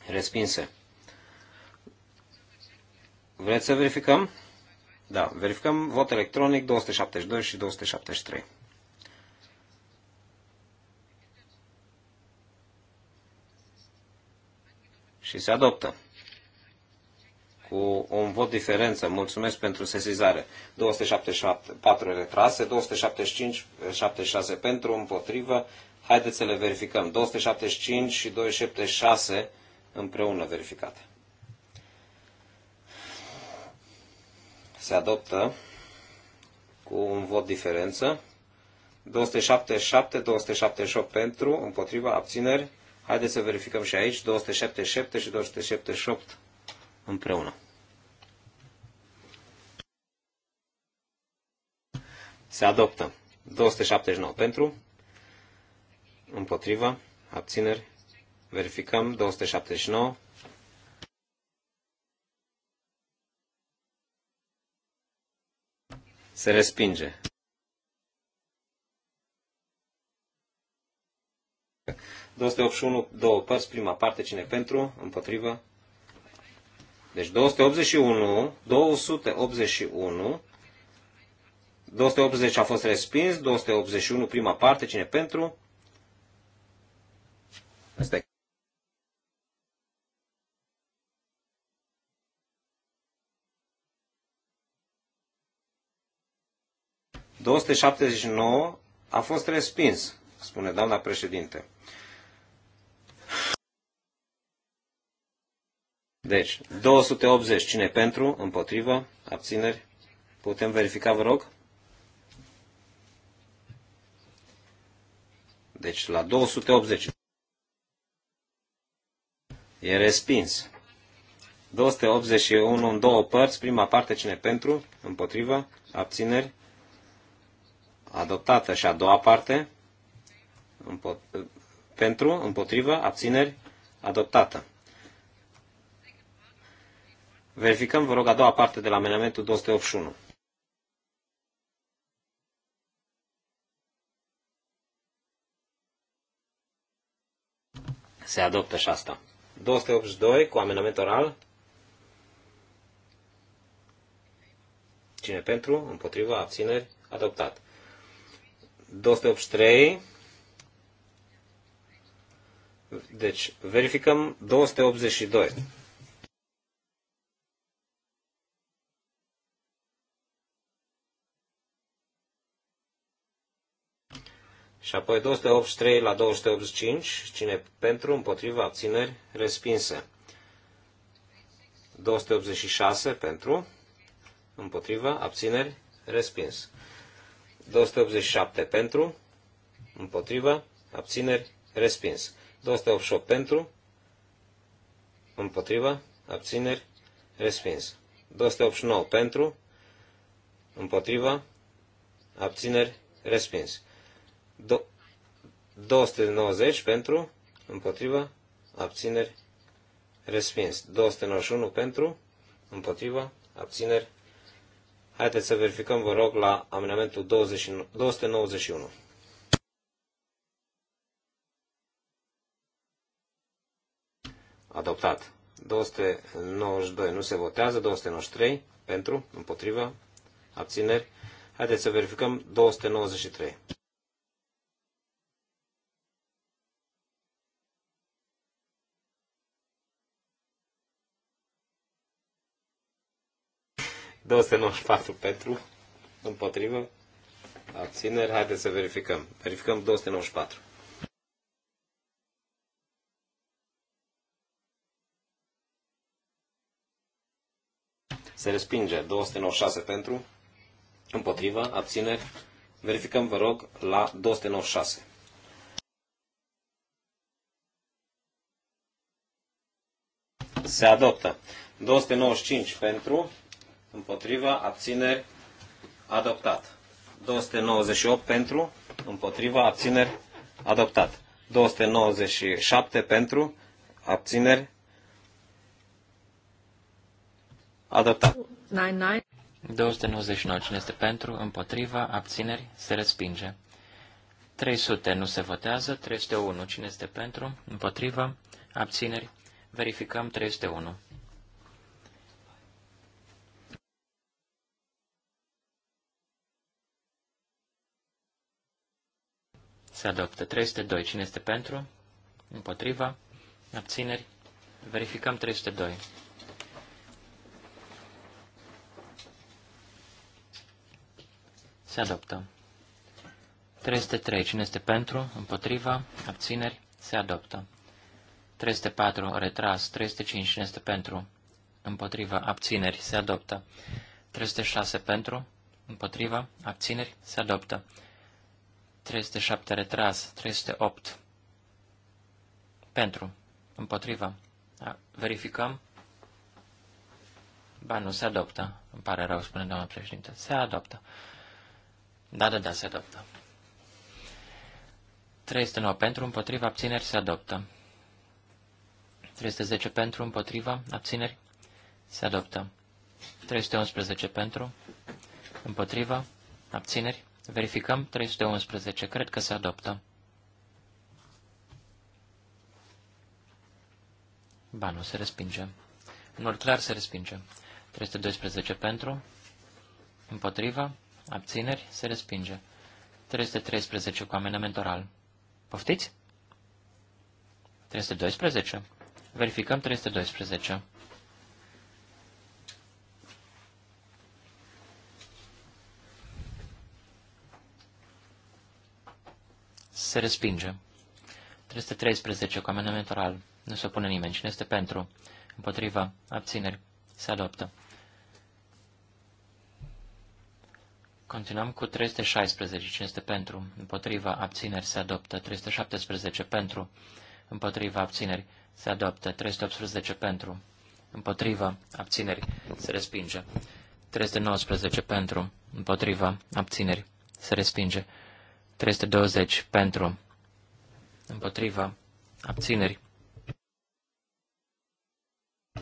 respinse. Vreți să verificăm? Da, verificăm vot electronic 272 și 273. Și se adoptă cu un vot diferență. Mulțumesc pentru sesizare. 274 retrase, 275, 76 pentru, împotrivă. Haideți să le verificăm. 275 și 276 împreună verificate. Se adoptă cu un vot diferență. 277, 278 pentru, împotriva, abțineri. Haideți să verificăm și aici. 277 și 278 împreună. Se adoptă 279 pentru, împotriva, abțineri, verificăm 279. Se respinge. două părți, prima parte, cine pentru, împotrivă, deci 281, 281, 280 a fost respins, 281 prima parte, cine pentru? Asta e. a fost respins, spune doamna președinte. Deci, 280. Cine pentru? Împotrivă? Abțineri? Putem verifica, vă rog? Deci, la 280. E respins. 281 în două părți. Prima parte, cine pentru? Împotrivă? Abțineri? Adoptată. Și a doua parte? Împot pentru? Împotrivă? Abțineri? Adoptată. Verificăm, vă rog, a doua parte de la amenamentul 281. Se adoptă și asta. 282 cu amenament oral. Cine pentru? Împotriva? Abțineri? Adoptat. 283. Deci, verificăm 282. Și apoi 283 la 285, cine pentru, împotriva, abțineri, respinse. 286 pentru, împotriva, abțineri, respins. 287 pentru, împotriva, abțineri, respins. 288 pentru, împotriva, abțineri, respins. 289 pentru, împotriva, abțineri, respins. 290 pentru, împotriva, abțineri, respins. 291 pentru, împotriva, abțineri. Haideți să verificăm, vă rog, la amendamentul 291. Adoptat. 292 nu se votează, 293 pentru, împotriva, abțineri. Haideți să verificăm 293. 294 pentru, împotrivă, abțineri. Haideți să verificăm. Verificăm 294. Se respinge 296 pentru, împotriva, abțineri. Verificăm, vă rog, la 296. Se adoptă. 295 pentru, împotriva, abțineri, adoptat. 298 pentru, împotriva, abțineri, adoptat. 297 pentru, abțineri, adoptat. 299. Cine este pentru, împotriva, abțineri, se respinge. 300 nu se votează, 301. Cine este pentru, împotriva, abțineri, verificăm 301. Se adoptă. 302. Cine este pentru? Împotriva. Abțineri. Verificăm 302. Se adoptă. 303. Cine este pentru? Împotriva. Abțineri. Se adoptă. 304. Retras. 305. Cine este pentru? Împotriva. Abțineri. Se adoptă. 306. Pentru. Împotriva. Abțineri. Se adoptă. 307 retras, 308 pentru, împotriva. Verificăm. Ba nu, se adoptă. Îmi pare rău, spune doamna președinte. Se adoptă. Da, da, da, se adoptă. 309 pentru, împotriva, abțineri, se adoptă. 310 pentru, împotriva, abțineri, se adoptă. 311 pentru, împotriva, abțineri, Verificăm 311. Cred că se adoptă. Ba nu, se respinge. În mod clar se respinge. 312 pentru, împotriva, abțineri, se respinge. 313 cu amendament oral. Poftiți? 312. Verificăm 312. se respinge. 313 cu amendament oral. Nu se opune nimeni. Cine este pentru? Împotriva. Abțineri. Se adoptă. Continuăm cu 316. Cine este pentru? Împotriva. Abțineri. Se adoptă. 317 pentru. Împotriva. Abțineri. Se adoptă. 318 pentru. Împotriva. Abțineri. Se respinge. 319 pentru. Împotriva. Abțineri. Se respinge. 320 pentru, împotriva, abțineri.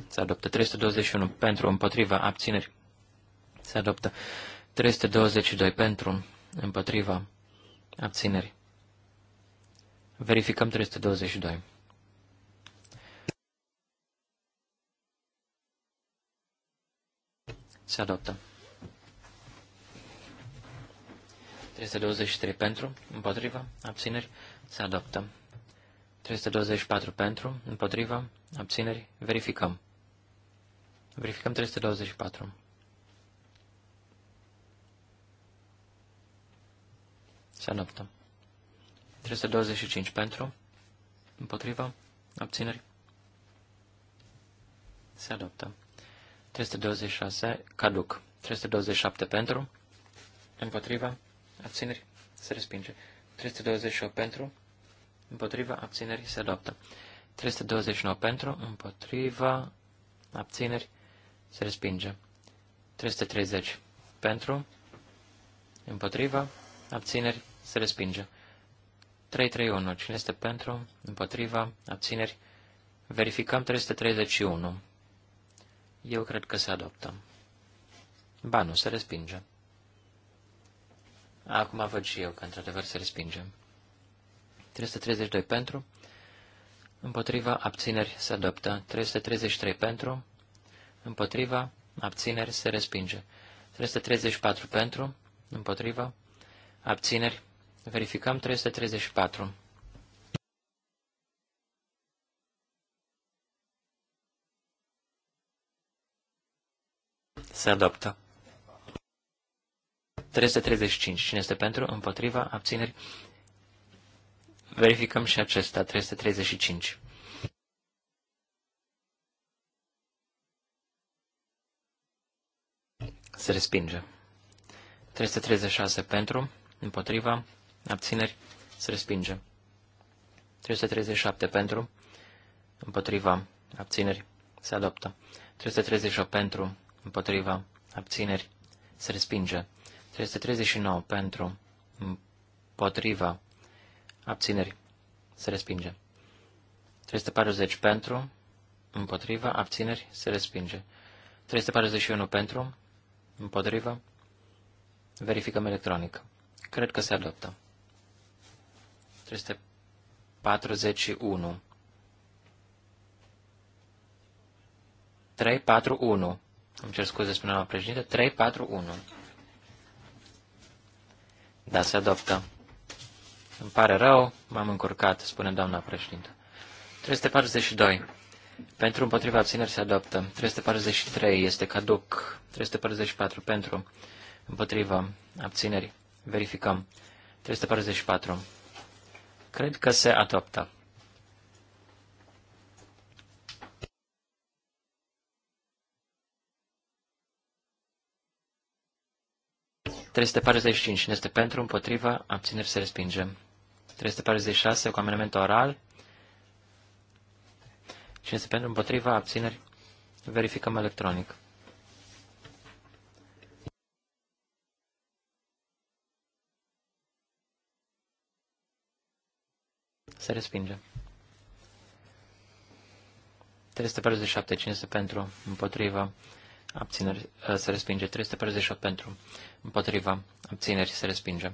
Se adoptă 321 pentru, împotriva, abțineri. Se adoptă 322 pentru, împotriva, abțineri. Verificăm 322. Se adoptă. 323 pentru, împotriva, abțineri, se adoptă. 324 pentru, împotriva, abțineri, verificăm. Verificăm 324. Se adoptă. 325 pentru, împotriva, abțineri, se adoptă. 326, caduc. 327 pentru, împotriva, abțineri, se respinge. 328 pentru, împotriva, abțineri, se adoptă. 329 pentru, împotriva, abțineri, se respinge. 330 pentru, împotriva, abțineri, se respinge. 331. Cine este pentru, împotriva, abțineri? Verificăm 331. Eu cred că se adoptă. Ba, nu, se respinge. Acum văd și eu că într-adevăr se respinge. 332 pentru, împotriva abțineri se adoptă. 333 pentru, împotriva abțineri se respinge. 334 pentru, împotriva abțineri. Verificăm 334. Se adoptă. 335. Cine este pentru? Împotriva? Abțineri? Verificăm și acesta. 335. Se respinge. 336 pentru, împotriva, abțineri, se respinge. 337 pentru, împotriva, abțineri, se adoptă. 338 pentru, împotriva, abțineri, se respinge. 339 pentru, împotriva, abțineri, se respinge. 340 pentru, împotriva, abțineri, se respinge. 341 pentru, împotriva, verificăm electronic. Cred că se adoptă. 341 341 Îmi cer scuze, spunea la președinte. 341 da, se adoptă. Îmi pare rău, m-am încurcat, spune doamna președintă. 342. Pentru împotriva abțineri se adoptă. 343 este caduc. 344 pentru împotriva abțineri. Verificăm. 344. Cred că se adoptă. 345. Cine este pentru, împotriva, abțineri, se respingem. 346 cu amenament oral. Cine este pentru, împotriva, abțineri, verificăm electronic. Se respinge. 347. Cine este pentru, împotriva, abțineri uh, se respinge. 348 pentru, împotriva, abțineri se respinge.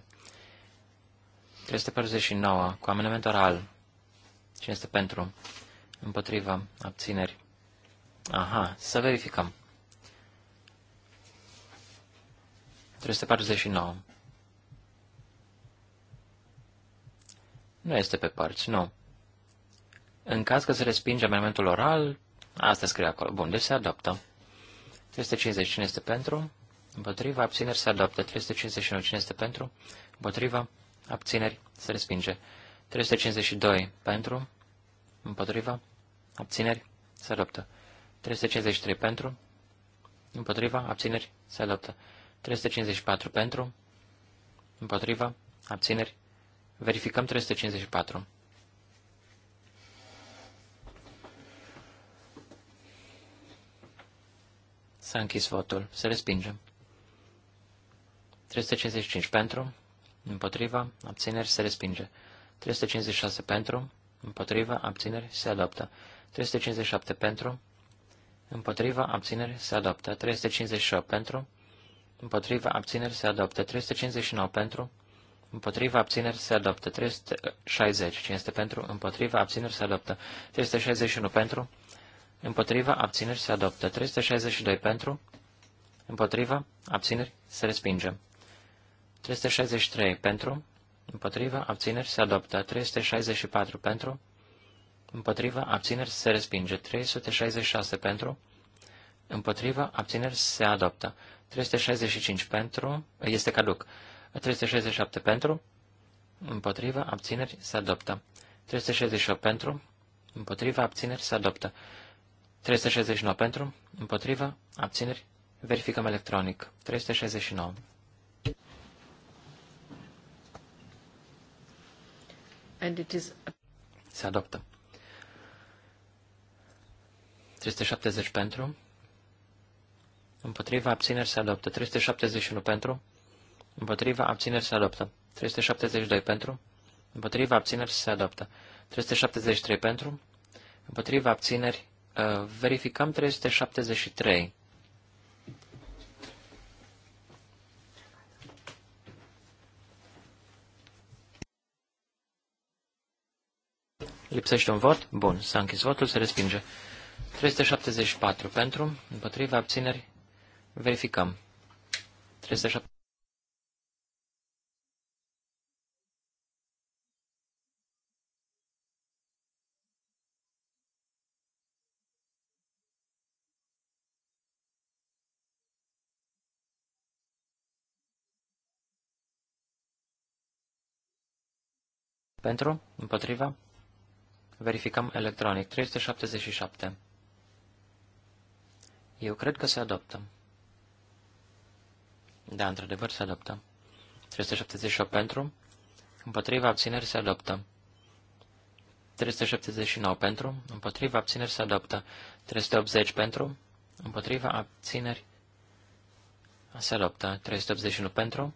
349 cu amendament oral. Cine este pentru? Împotriva, abțineri. Aha, să verificăm. 349. Nu este pe părți, nu. În caz că se respinge amendamentul oral, asta scrie acolo. Bun, deci se adoptă. 350. Cine este pentru? Împotriva. Abțineri se adoptă. 351. Cine este pentru? Împotriva. Abțineri se respinge. 352. Pentru? Împotriva. Abțineri se adoptă. 353. Pentru? Împotriva. Abțineri se adoptă. 354. Pentru? Împotriva. Abțineri. Verificăm 354. S-a închis votul. Se respinge. 355 pentru, împotriva, abțineri, se respinge. 356 pentru, împotriva, abțineri, se adoptă. 357 pentru, împotriva, abțineri, se adoptă. 358 pentru, împotriva, abțineri, se adoptă. 359 pentru, împotriva, abțineri, se adoptă. 360, este pentru, împotriva, abțineri, se adoptă. 361 pentru, împotriva, abțineri, se adoptă. 362 pentru, împotriva, abțineri, se respinge. 363 pentru, împotriva, abțineri, se adoptă. 364 pentru, împotriva, abțineri, se respinge. 366 pentru, împotriva, abțineri, se adoptă. 365 pentru, este caduc. 367 pentru, împotriva, abțineri, se adoptă. 368 pentru, împotriva, abțineri, se adoptă. 369 pentru, împotrivă, abțineri, verificăm electronic. 369. And it is... Se adoptă. 370 pentru, împotriva, abțineri, se adoptă. 371 pentru, împotriva, abțineri, se adoptă. 372 pentru, împotriva, abțineri, se adoptă. 373 pentru, împotriva, abțineri, Uh, verificăm 373. Lipsește un vot? Bun. S-a închis votul, se respinge. 374 pentru, împotriva, abțineri, verificăm. 374. Pentru, împotriva, verificăm electronic. 377. Eu cred că se adoptă. Da, într-adevăr se adoptă. 378 pentru, împotriva abțineri se adoptă. 379 pentru, împotriva abțineri se adoptă. 380 pentru, împotriva abțineri se adoptă. 381 pentru,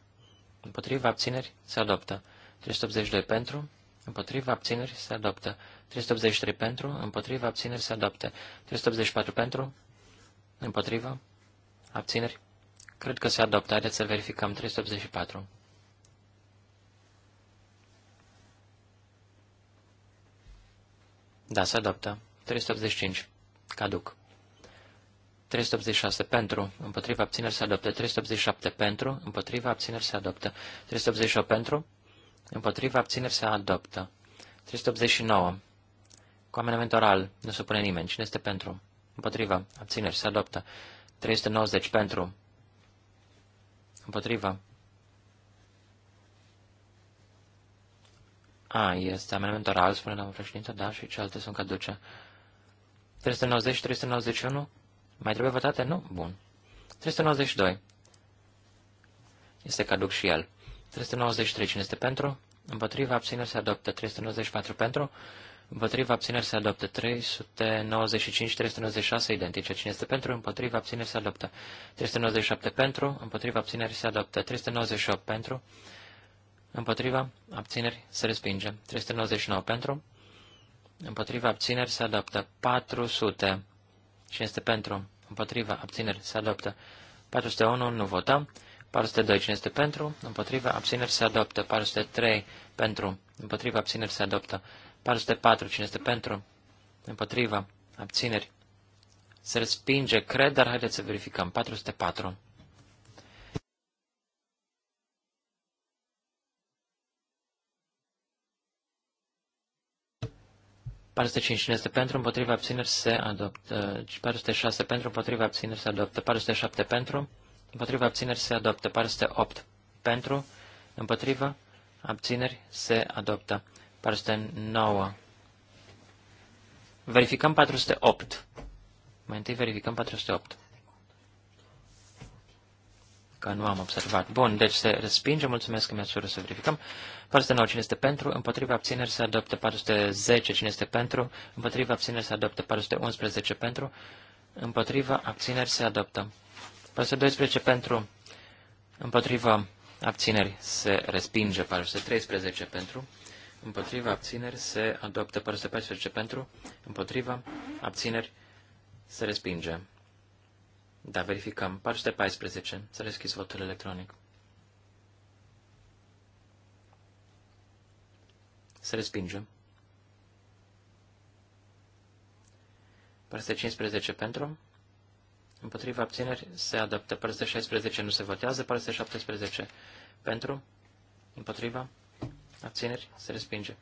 împotriva abțineri se adoptă. 382 pentru, împotriva abțineri se adoptă. 383 pentru, împotriva abțineri se adoptă. 384 pentru, împotriva abțineri. Cred că se adoptă. Haideți să verificăm. 384. Da, se adoptă. 385. Caduc. 386 pentru, împotriva abțineri se adoptă. 387 pentru, împotriva abțineri se adoptă. 388 pentru, Împotriva abțineri se adoptă. 389. Cu amendament oral. Nu se opune nimeni. Cine este pentru? Împotriva. Abțineri. Se adoptă. 390 pentru. Împotriva. A, este amendament oral, spune la președinte, da, și celelalte sunt caduce. 390 391? Mai trebuie votate? Nu? Bun. 392. Este caduc și el. 393. Cine este pentru? Împotriva abțineri se adoptă. 394 pentru. Împotriva abțineri se adoptă. 395, 396 identice. Cine este pentru? Împotriva abțineri se adoptă. 397 pentru. Împotriva abțineri se adoptă. 398 pentru. Împotriva abțineri se respinge. 399 pentru. Împotriva abțineri se adoptă. 400. Cine este pentru? Împotriva abțineri se adoptă. 401 nu votăm. 402. Cine este pentru? Împotriva. Abțineri se adoptă. 403. Pentru. Împotriva. Abțineri se adoptă. 404. Cine este pentru? Împotriva. Abțineri. Se respinge, cred, dar haideți să verificăm. 404. Parte 5 cine este pentru, împotriva abțineri se adoptă. 406 pentru, împotriva abțineri se adoptă. 407 pentru, împotriva abțineri se adoptă. 408 pentru, împotriva abțineri se adoptă. 409. Verificăm 408. Mai întâi verificăm 408. Că nu am observat. Bun, deci se respinge. Mulțumesc că mi-ați cerut să verificăm. 409 cine este pentru, împotriva abțineri se adoptă 410 cine este pentru, împotriva abțineri se adoptă 411 pentru, împotriva abțineri se adoptă 12 pentru, împotriva abțineri se respinge, 13 pentru, împotriva abțineri se adoptă, 14 pentru, împotriva abțineri se respinge. Da, verificăm. 414. Să deschis votul electronic. Se respinge. 15 pentru. Împotriva abțineri se adaptă. Părțile 16 nu se votează. Părțile 17 pentru. Împotriva abțineri se respinge.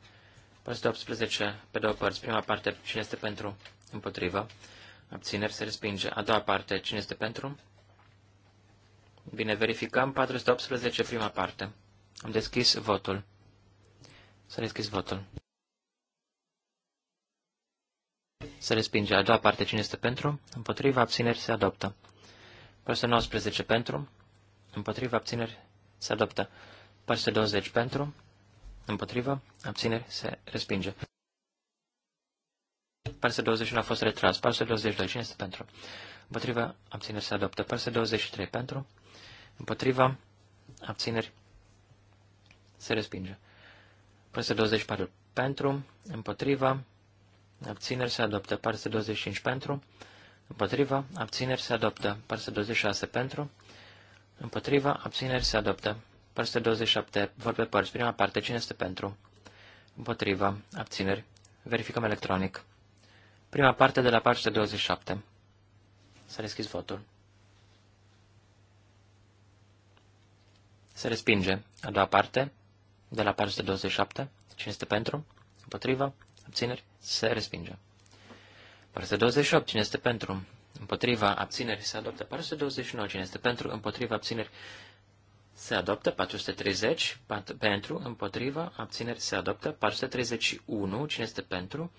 Părțile 18 pe două părți. Prima parte cine este pentru. Împotriva abțineri se respinge. A doua parte cine este pentru. Bine, verificăm 418 prima parte. Am deschis votul. S-a deschis votul. Se respinge. A doua parte, cine este pentru? Împotriva abțineri se adoptă. 19 pentru. Împotriva abțineri se adoptă. 20 pentru. Împotriva abțineri se respinge. 21 a fost retras. 22 Cine este pentru? Împotriva abțineri se adoptă. 23 pentru. Împotriva abțineri se respinge. 24 pentru. Împotriva abțineri se adoptă. 25 pentru, împotriva, abțineri se adoptă. 26 pentru, împotriva, abțineri se adoptă. 427, vor pe părți, prima parte, cine este pentru? Împotriva, abțineri, verificăm electronic. Prima parte de la parte 27, S-a deschis votul. Se respinge a doua parte de la 427. Cine este pentru? Împotriva? abțineri, se respinge. 28. cine este pentru, împotriva, abțineri, se adoptă. 429, cine este pentru, împotriva, abțineri, se adoptă. 430, pat, pentru, împotriva, abțineri, se adoptă. 431, cine este pentru,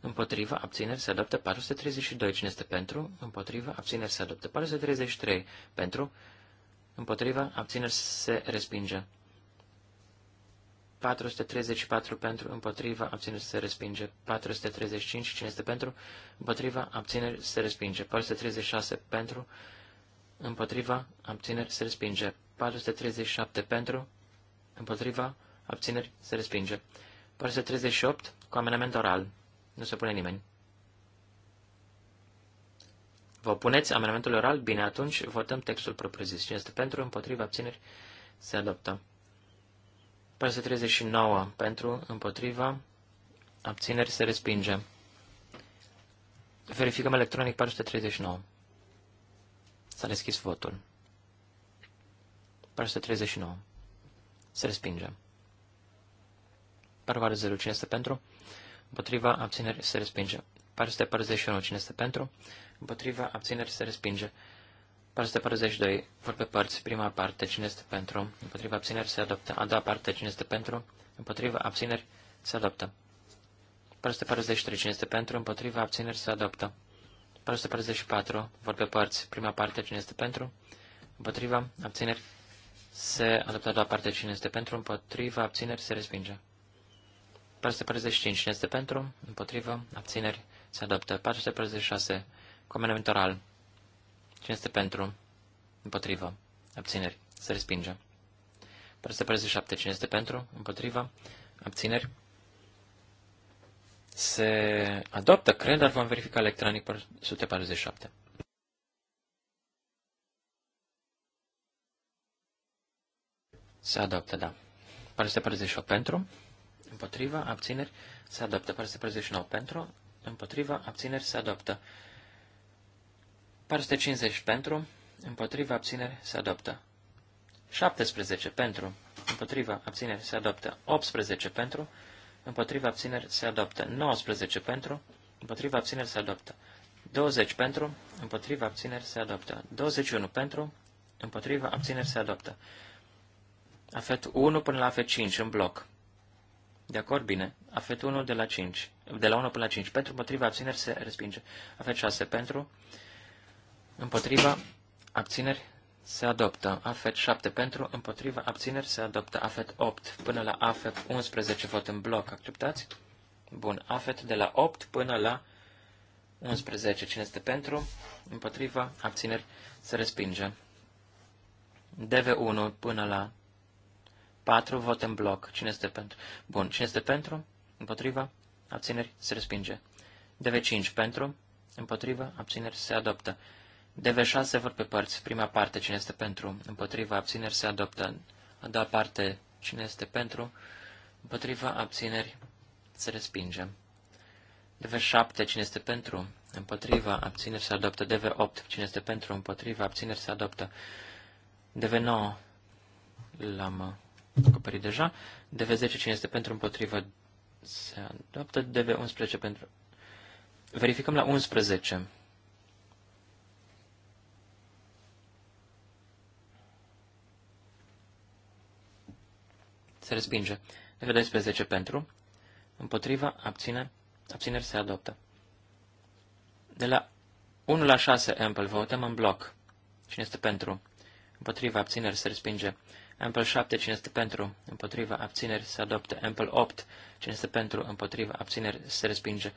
împotriva, abțineri, se adoptă. 432, cine este pentru, împotriva, abțineri, se adoptă. 433, pentru, împotriva, abțineri, se respinge. 434 pentru, împotriva, abțineri, se respinge. 435, cine este pentru, împotriva, abțineri, se respinge. 436 pentru, împotriva, abțineri, se respinge. 437 pentru, împotriva, abțineri, se respinge. 438, cu amenament oral. Nu se pune nimeni. Vă puneți amenamentul oral? Bine, atunci votăm textul propriu-zis. Cine este pentru, împotriva, abțineri, se adoptă. 439 pentru, împotriva, abțineri se respinge. Verificăm electronic 439. S-a deschis votul. 439. Se respinge. Parvare 0. Cine este pentru? Împotriva, abțineri se respinge. 441. Cine este pentru? Împotriva, abțineri se respinge. 442. Vot pe părți. Prima parte. Cine este pentru? Împotriva abțineri se adoptă. A doua parte. Cine este pentru? Împotriva abțineri se adoptă. 443. Cine este pentru? Împotriva abțineri se adoptă. 444. Vot pe părți. Prima parte. Cine este pentru? Împotriva abțineri se adoptă. A doua parte. Cine este pentru? Împotriva abțineri se respinge. 445. Cine este pentru? Împotriva abțineri se adoptă. 446. Comandament oral. Cine este pentru? Împotrivă. Abțineri. Se respinge. 447. Cine este pentru? Împotrivă. Abțineri. Se adoptă, cred, dar vom verifica electronic 147. Se adoptă, da. 448 pentru, împotriva, abțineri, se adoptă. 449 pentru, împotriva, abțineri, se adoptă. 450 pentru, împotriva abțineri se adoptă. 17 pentru, împotriva abțineri se adoptă. 18 pentru, împotriva abțineri se adoptă. 19 pentru, împotriva abțineri se adoptă. 20 pentru, împotriva abțineri se adoptă. 21 pentru, împotriva abțineri se adoptă. Afet 1 până la afet 5 în bloc. De acord, bine. Afet 1 de la 5. De la 1 până la 5. Pentru, împotriva abțineri se respinge. Afet 6 pentru, împotriva, abțineri, se adoptă. AFET 7 pentru, împotriva, abțineri, se adoptă. AFET 8 până la AFET 11, vot în bloc. Acceptați? Bun. AFET de la 8 până la 11. Cine este pentru? Împotriva, abțineri, se respinge. DV1 până la 4, vot în bloc. Cine este pentru? Bun. Cine este pentru? Împotriva, abțineri, se respinge. DV5 pentru, împotriva, abțineri, se adoptă dv se vor pe părți. Prima parte, cine este pentru, împotriva, abțineri, se adoptă. A doua parte, cine este pentru, împotriva, abțineri, se respinge. De 7 cine este pentru, împotriva, abțineri, se adoptă. De 8 cine este pentru, împotriva, abțineri, se adoptă. De 9 l-am acoperit deja. De 10 cine este pentru, împotriva, se adoptă. De 11 pentru... Verificăm la 11. se respinge. F12 pentru, împotriva, abține, abțineri se adoptă. De la 1 la 6 Ample votăm în bloc. Cine este pentru? Împotriva, abțineri se respinge. Ample 7, cine este pentru? Împotriva, abțineri se adoptă. Ample 8, cine este pentru? Împotriva, abțineri se respinge.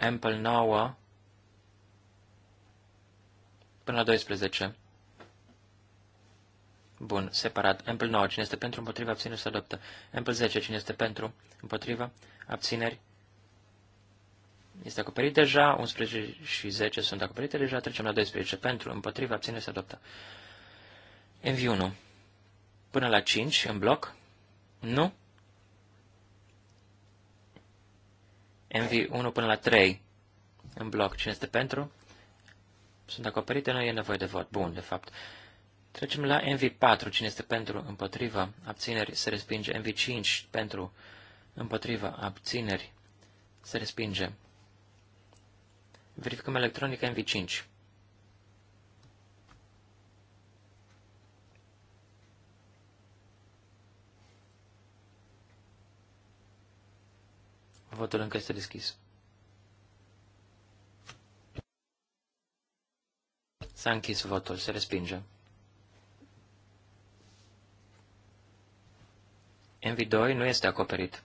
Ample 9 până la 12 Bun, separat. Ample 9, cine este pentru, împotriva, abțineri, se adoptă. Ample 10, cine este pentru, împotriva, abțineri, este acoperit deja. 11 și 10 sunt acoperite deja. Trecem la 12. Pentru, împotriva, abțineri, se adoptă. MV1. Până la 5, în bloc. Nu. MV1 până la 3, în bloc. Cine este pentru? Sunt acoperite, nu e nevoie de vot. Bun, de fapt. Trecem la MV4. Cine este pentru, împotriva, abțineri, se respinge. MV5 pentru, împotriva, abțineri, se respinge. Verificăm electronica MV5. Votul încă este deschis. S-a închis votul. Se respinge. MV2 nu este acoperit.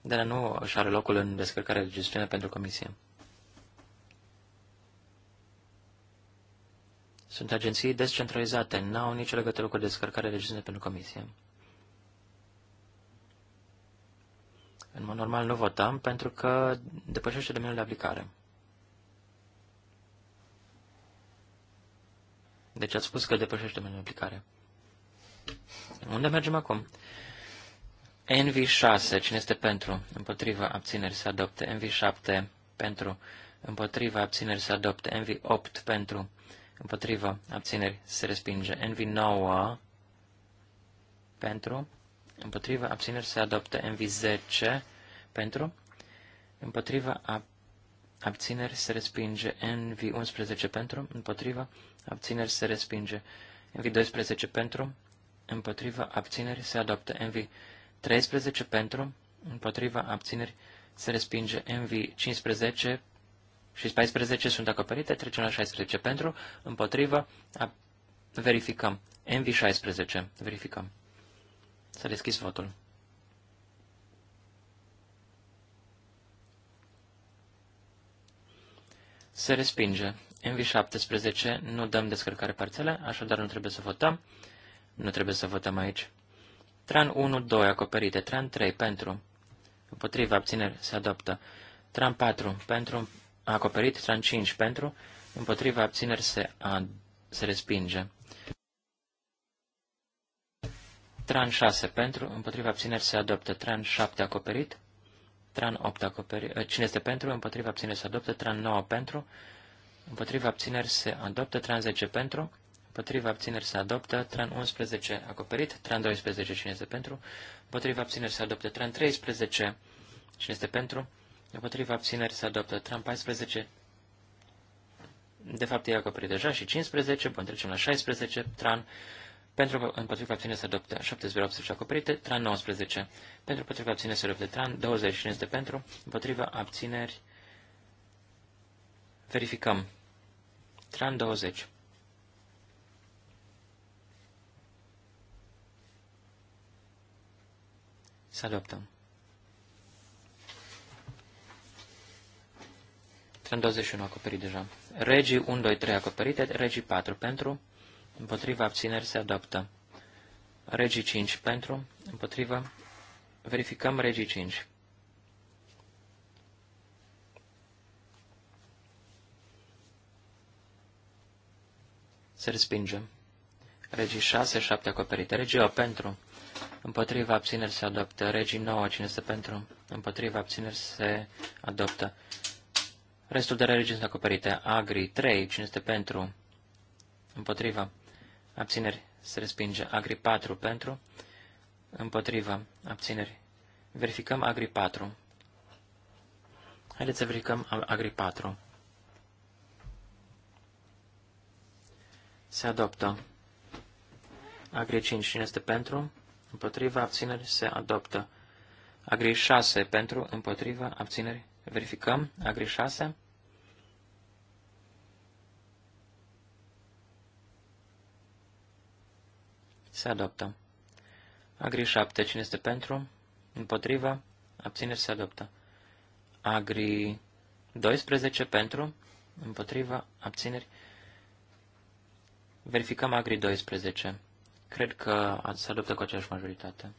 Dar nu își are locul în descărcare de gestiune pentru comisie. Sunt agenții descentralizate, n-au nicio legătură cu descărcarea de gestiune pentru comisie. În mod normal nu votam pentru că depășește domeniul de aplicare. Deci ați spus că depășește domeniul de aplicare. Unde mergem acum? NV6, cine este pentru? Împotriva abțineri se adopte. NV7, pentru. Împotriva abțineri se adopte. NV8, pentru. Împotriva abțineri se respinge. NV9, pentru. Împotriva abțineri se adopte. NV10, pentru. Împotriva abțineri abțineri se respinge, NV11 pentru, împotriva, abțineri se respinge, NV12 pentru, împotriva, abțineri se adoptă, NV13 pentru, împotriva, abțineri se respinge, NV15 și 14 sunt acoperite, trecem la 16 pentru, împotriva, verificăm, NV16, verificăm. S-a deschis votul. Se respinge. MV17 nu dăm descărcare parțială, așadar nu trebuie să votăm. Nu trebuie să votăm aici. Tran 1, 2 acoperite. Tran 3 pentru. Împotriva abțineri se adoptă. Tran 4 pentru acoperit. Tran 5 pentru. Împotriva abțineri se, a, se respinge. Tran 6 pentru. Împotriva abțineri se adoptă. Tran 7 acoperit. Tran 8 acoperi, eh, cine este pentru, împotriva abțineri se adoptă, Tran 9 pentru, împotriva abțineri se adoptă, Tran 10 pentru, împotriva abțineri se adoptă, Tran 11 acoperit, Tran 12 cine este pentru, împotriva abțineri se adoptă, Tran 13 cine este pentru, împotriva abțineri se adoptă, Tran 14 de fapt, e acoperit deja și 15, bun, trecem la 16, tran, pentru că împotriva abține se adoptă 17 și acoperite, tran 19. Pentru împotriva abține se adoptă tran 25 de pentru, împotriva abțineri. Verificăm. Tran 20. Să adoptăm. Tran 21 acoperit deja. Regii 1, 2, 3 acoperite, regii 4 pentru, împotriva abțineri se adoptă. Regii 5 pentru, împotriva, verificăm regii 5. Se respinge. Regii 6, 7 acoperite. Regii 8 pentru, împotriva abțineri se adoptă. Regii 9, cine este pentru, împotriva abțineri se adoptă. Restul de regii sunt acoperite. Agri 3, cine este pentru, împotriva abțineri, se respinge. Agri 4 pentru, împotriva abțineri. Verificăm Agri 4. Haideți să verificăm Agri 4. Se adoptă. Agri 5, cine este pentru? Împotriva, abțineri, se adoptă. Agri 6, pentru, împotriva, abțineri. Verificăm. Agri 6. Se adoptă. Agri 7. Cine este pentru? Împotriva? Abțineri se adoptă. Agri 12 pentru? Împotriva? Abțineri? Verificăm Agri 12. Cred că se adoptă cu aceeași majoritate.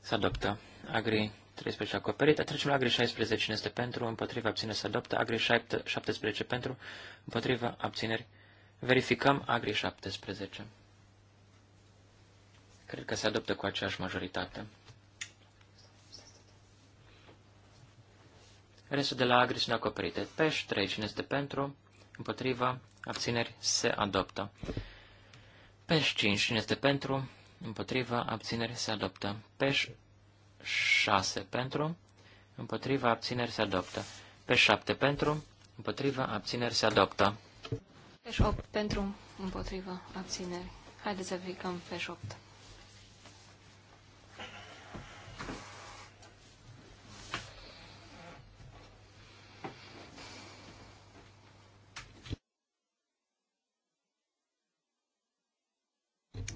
Se adoptă. Agri 13 acoperit. Trecem la Agri 16. Cine este pentru? Împotriva? Abțineri se adoptă. Agri 17 pentru? Împotriva? Abțineri? Verificăm Agri 17. Cred că se adoptă cu aceeași majoritate. Restul de la Agri sunt acoperite. Peș 3. Cine este pentru? Împotriva. Abțineri se adoptă. Peș 5. Cine este pentru? Împotriva. Abțineri se adoptă. Peș 6. Pentru? Împotriva. Abțineri se adoptă. Peș 7. Pentru? Împotriva. Abțineri se adoptă. Peș 8 pentru, împotrivă, abțineri. Haideți să verificăm peș 8.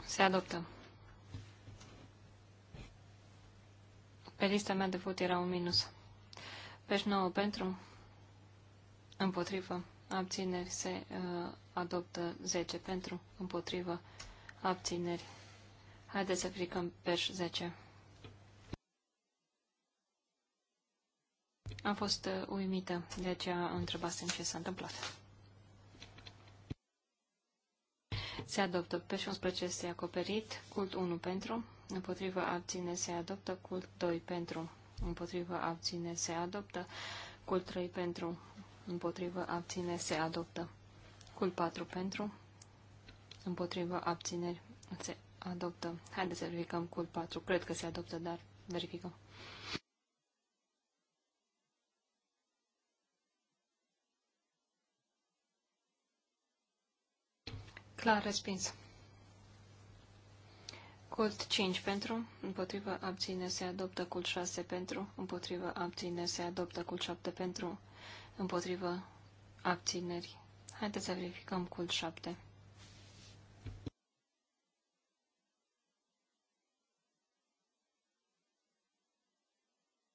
Se adoptă. Pe lista mea de vot era un minus. Peș 9 pentru, împotrivă, abțineri se uh, adoptă 10 pentru, împotrivă, abțineri. Haideți să clicăm pe 10. Am fost uh, uimită, de aceea întrebasem ce s-a întâmplat. Se adoptă pe 11 este acoperit, cult 1 pentru, împotrivă abține se adoptă, cult 2 pentru, împotrivă abține se adoptă, cult 3 pentru, împotrivă, abține, se adoptă. Cul 4 pentru, împotrivă, abțineri, se adoptă. Haideți să verificăm cul 4. Cred că se adoptă, dar verificăm. Clar respins. Cult 5 pentru, împotrivă abține se adoptă cult 6 pentru, împotrivă abține se adoptă cult 7 pentru, împotrivă, abținerii. Haideți să verificăm cult 7.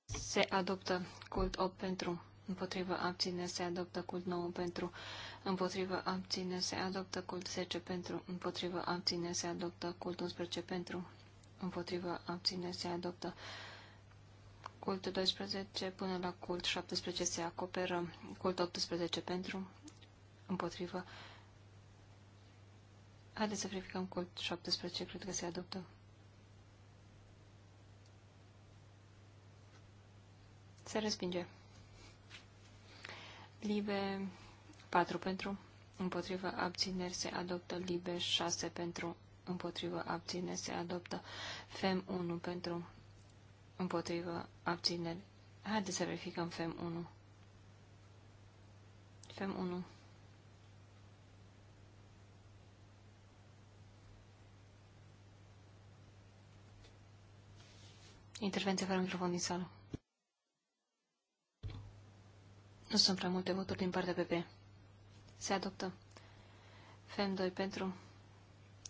Se adoptă cult 8 pentru împotrivă abține se adoptă cult 9 pentru, împotrivă abține se adoptă cult 10 pentru, împotrivă abține se adoptă cult 11 pentru, împotrivă abține se adoptă cult 12 până la cult 17 se acoperă, cult 18 pentru, împotrivă. Haideți să verificăm cult 17, cred că se adoptă. Se respinge. Libe 4 pentru, împotrivă abțineri se adoptă, libe 6 pentru, împotrivă abțineri se adoptă, fem 1 pentru, împotrivă, abțineri. Haideți să verificăm FEM 1. FEM 1. Intervenție fără microfon din sală. Nu sunt prea multe voturi din partea PP. Se adoptă. FEM 2 pentru.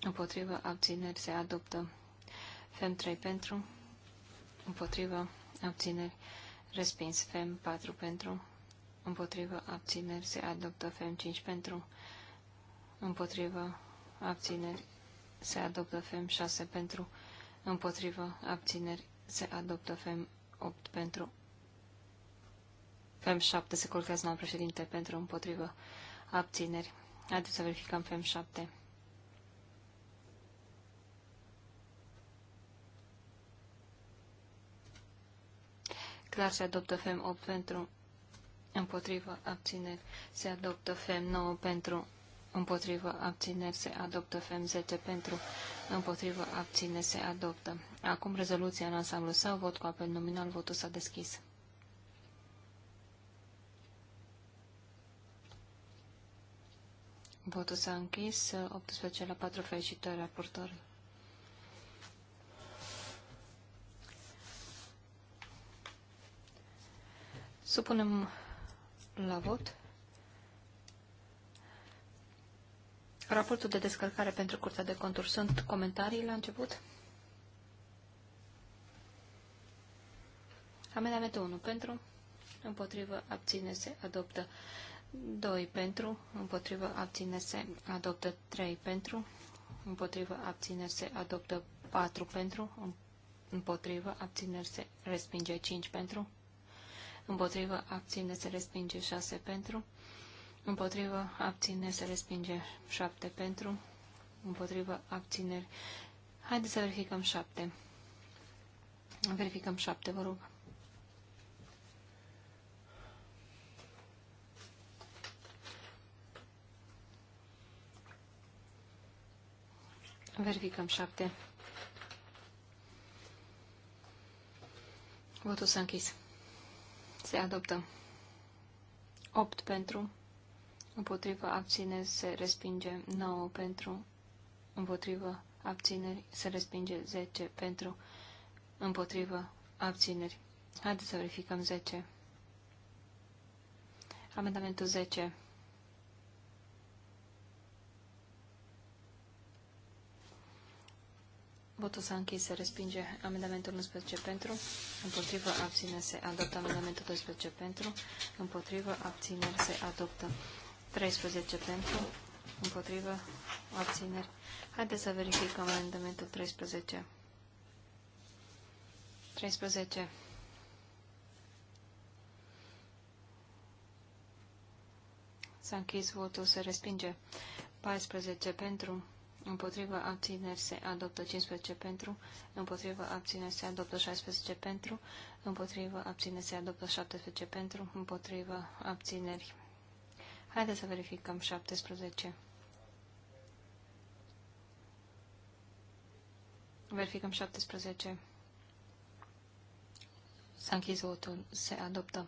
Împotrivă abțineri se adoptă. FEM 3 pentru împotrivă, abțineri, respins. Fem 4 pentru, împotrivă, abțineri, se adoptă. Fem 5 pentru, împotrivă, abțineri, se adoptă. Fem 6 pentru, împotrivă, abțineri, se adoptă. Fem 8 pentru, fem 7 se colchează la președinte pentru, împotrivă, abțineri. Haideți să verificăm fem 7. clar se adoptă FEM 8 pentru împotrivă abțineri, se adoptă FEM 9 pentru împotrivă abțineri, se adoptă FEM 10 pentru împotrivă abțineri, se adoptă. Acum rezoluția în ansamblu sau vot cu apel nominal, votul s-a deschis. Votul s-a închis, 18 la 4 felicitări raportorului. Supunem la vot raportul de descărcare pentru Curtea de Conturi. Sunt comentarii la început? Amendamentul 1 pentru, împotrivă, abține, se adoptă. 2 pentru, împotrivă, abține, se adoptă. 3 pentru, împotrivă, abține, se adoptă. 4 pentru, împotrivă, abține, se respinge 5 pentru, împotrivă, abține, se respinge 6 pentru, împotrivă, abține, se respinge 7 pentru, împotrivă, abțineri. Haideți să verificăm 7. Verificăm 7, vă rog. Verificăm 7. Votul s-a închis. Se adoptă. 8 pentru. Împotrivă abțineri se respinge 9 pentru. Împotrivă abțineri se respinge 10 pentru. Împotrivă abțineri. Haideți să verificăm 10. Amendamentul 10. Votul s-a închis, se respinge amendamentul 11 pentru, împotrivă, abțineri, se adoptă amendamentul 12 pentru, împotrivă, abțineri, se adoptă 13 pentru, împotrivă, abțineri. Haideți să verificăm amendamentul 13. 13. S-a închis votul, se respinge 14 pentru, împotriva abțineri se adoptă 15 pentru, împotriva abțineri se adoptă 16 pentru, împotriva abțineri se adoptă 17 pentru, împotriva abțineri. Haideți să verificăm 17. Verificăm 17. S-a închis votul. Se adoptă.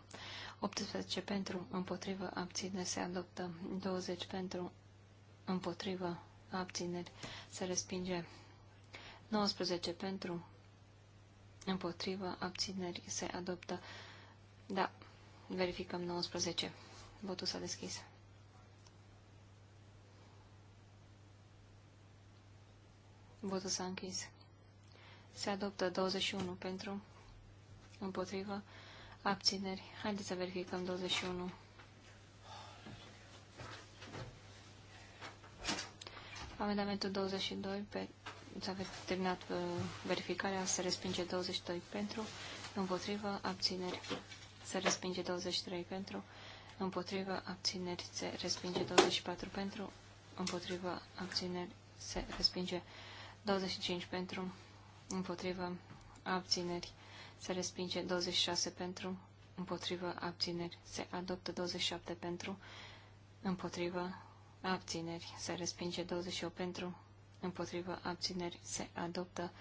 18 pentru, Împotriva abțineri se adoptă. 20 pentru, Împotriva abțineri, se respinge. 19 pentru, împotrivă, abțineri, se adoptă. Da, verificăm 19. Votul s-a deschis. Votul s-a închis. Se adoptă 21 pentru, împotrivă, abțineri. Haideți să verificăm 21. Amendamentul 22 pe s-a terminat uh, verificarea, se respinge 22 pentru, împotrivă, abțineri, se respinge 23 pentru, împotrivă, abțineri, se respinge 24 pentru, împotrivă, abțineri, se respinge 25 pentru, împotrivă, abțineri, se respinge 26 pentru, împotrivă, abțineri, se adoptă 27 pentru, împotrivă, abțineri, se respinge 28 pentru, împotrivă, abțineri, se adoptă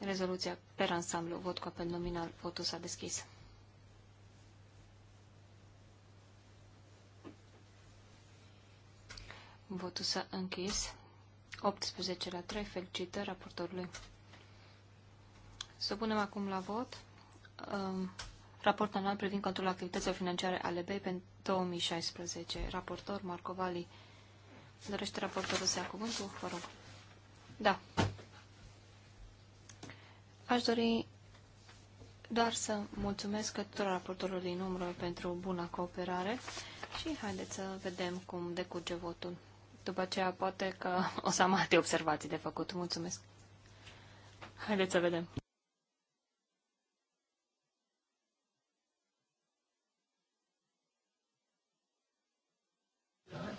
rezoluția per ansamblu, vot cu apel nominal, votul s-a deschis. Votul s-a închis. 18 la 3. Felicitări raportorului. Să punem acum la vot um, raportul anual privind controlul activităților financiare ale BEI pentru 2016. Raportor Marcovali Dorește raportorul să ia cuvântul? Vă rog. Da. Aș dori doar să mulțumesc tuturor raportorilor din umbră pentru buna cooperare și haideți să vedem cum decurge votul. După aceea poate că o să am alte observații de făcut. Mulțumesc. Haideți să vedem.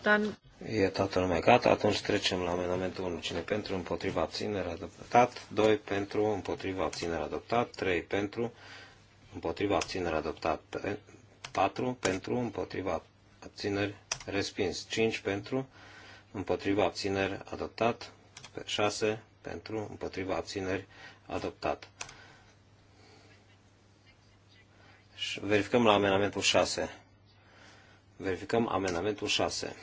dann... E toată lumea gata, atunci trecem la amendamentul 1. Cine pentru, împotriva, abținere, adoptat. 2 pentru, împotriva, abținere, adoptat. 3 pentru, împotriva, abținere, adoptat. 4 pentru, împotriva, abțineri, respins. 5 pentru, împotriva, abțineri, adoptat. 6 pentru, împotriva, abțineri, adoptat. Verificăm la amendamentul 6. Verificăm amendamentul 6.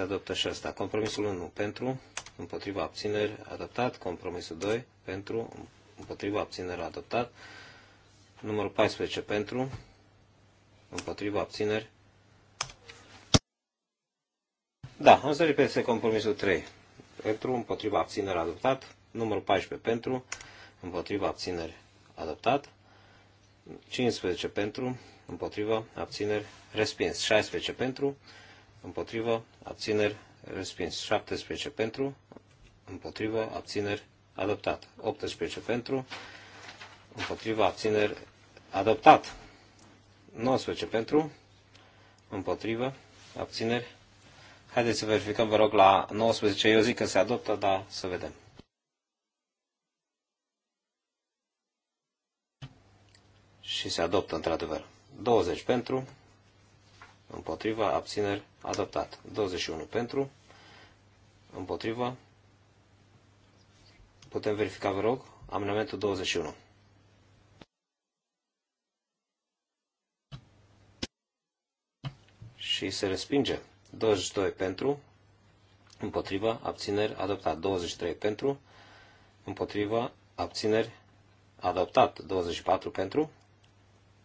se adoptă și asta. Compromisul 1 pentru, împotriva abțineri, adoptat. Compromisul 2 pentru, împotriva abțineri, adoptat. Numărul 14 pentru, împotriva abțineri. Da, am să repete compromisul 3. Pentru, împotriva abțineri, adoptat. Numărul 14 pentru, împotriva abțineri, adoptat. 15 pentru, împotriva abțineri, respins. 16 pentru, împotrivă, abțineri, respins. 17 pentru, împotrivă, abțineri, adoptat. 18 pentru, împotrivă, abțineri, adoptat. 19 pentru, împotrivă, abțineri. Haideți să verificăm, vă rog, la 19. Eu zic că se adoptă, dar să vedem. Și se adoptă, într-adevăr. 20 pentru, împotriva, abțineri, adoptat. 21 pentru, împotriva, putem verifica, vă rog, amendamentul 21. Și se respinge. 22 pentru, împotriva, abțineri, adoptat. 23 pentru, împotriva, abțineri, adoptat. 24 pentru,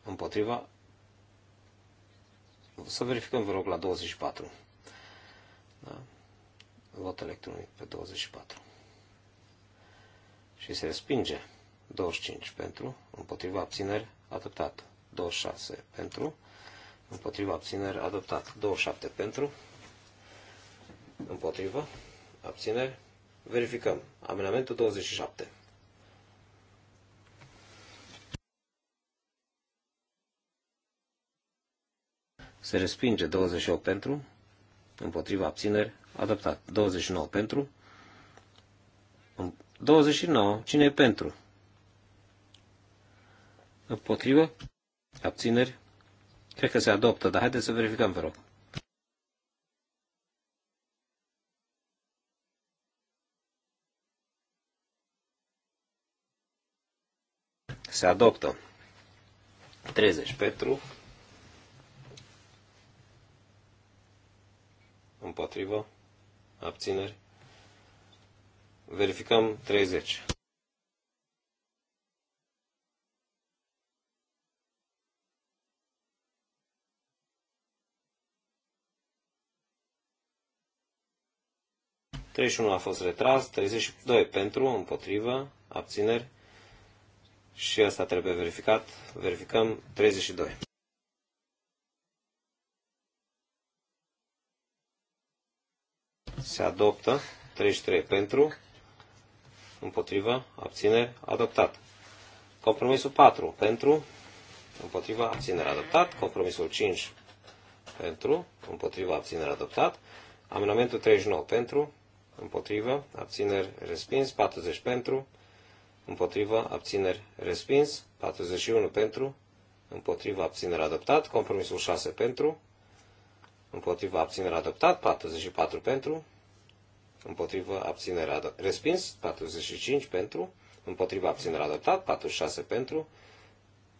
împotriva, să verificăm, vă rog, la 24. Da? Vot electronic pe 24. Și se respinge 25 pentru, împotriva abțineri, adoptat 26 pentru, împotriva abțineri, adoptat 27 pentru, împotriva abțineri, verificăm. Amenamentul 27. se respinge 28 pentru, împotriva abțineri, adoptat 29 pentru, 29, cine e pentru? Împotrivă, abțineri, cred că se adoptă, dar haideți să verificăm, vă rog. Se adoptă 30 pentru, împotrivă, abțineri. Verificăm 30. Treizeci a fost retras, 32 pentru, împotrivă, abțineri și asta trebuie verificat. Verificăm 32. se adoptă. 33 pentru, împotrivă, abțineri, adoptat. Compromisul 4 pentru, împotriva, abținere, adoptat. Compromisul 5 pentru, împotriva, abținere, adoptat. Amendamentul 39 pentru, împotriva, abțineri, respins. 40 pentru, împotriva, abțineri, respins. 41 pentru, împotriva, abținere, adoptat. Compromisul 6 pentru, împotriva, abținerea adoptat. 44 pentru, împotrivă, abținere, respins, 45 pentru, împotrivă, abținere, adoptat, 46 pentru,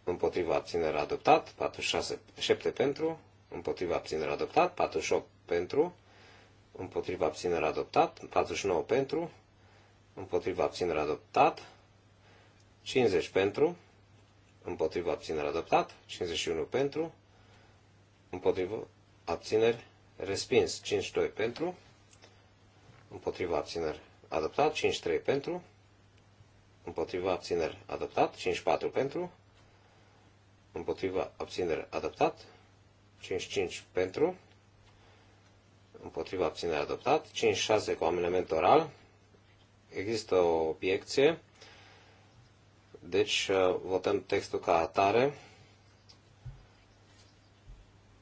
împotrivă, abținere, adoptat, 46, 7 pentru, împotrivă, abținere, adoptat, 48 pentru, împotrivă, abținere, adoptat, 49 pentru, împotrivă, abținere, adoptat, 50 pentru, împotrivă, abținere, adoptat, 51 pentru, împotrivă, abțineri, respins, 52 pentru, împotriva abțineri adoptat, 5-3 pentru, împotriva abțineri adoptat, 5-4 pentru, împotriva abțineri adoptat, 5-5 pentru, împotriva abținere adoptat, 5-6 cu amendament oral, există o obiecție, deci uh, votăm textul ca atare,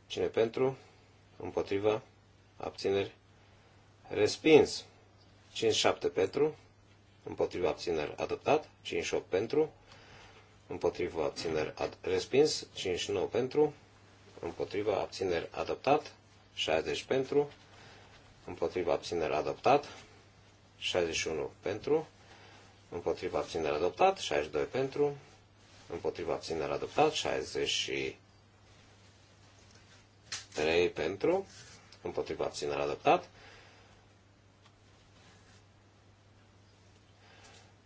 cine pentru, împotriva, abțineri, Respins. 57 pentru. Împotriva abțineri adoptat. 58 pentru. Împotriva abțineri ad- respins. 59 pentru. Împotriva abțineri adoptat. 60 pentru. Împotriva abțineri adoptat. 61 pentru. Împotriva abțineri adoptat. 62 pentru. Împotriva abțineri adoptat. 63 pentru. Împotriva abțineri adoptat.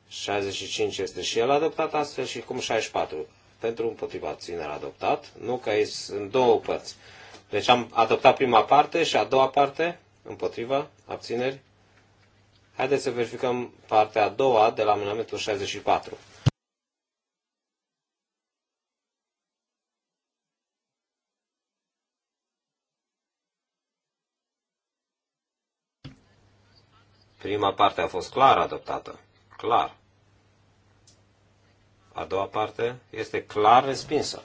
65 este și el adoptat astfel și cum 64. Pentru împotriva abținere adoptat. Nu că e în două părți. Deci am adoptat prima parte și a doua parte împotriva abțineri. Haideți să verificăm partea a doua de la amendamentul 64. Prima parte a fost clar adoptată clar. A doua parte este clar respinsă.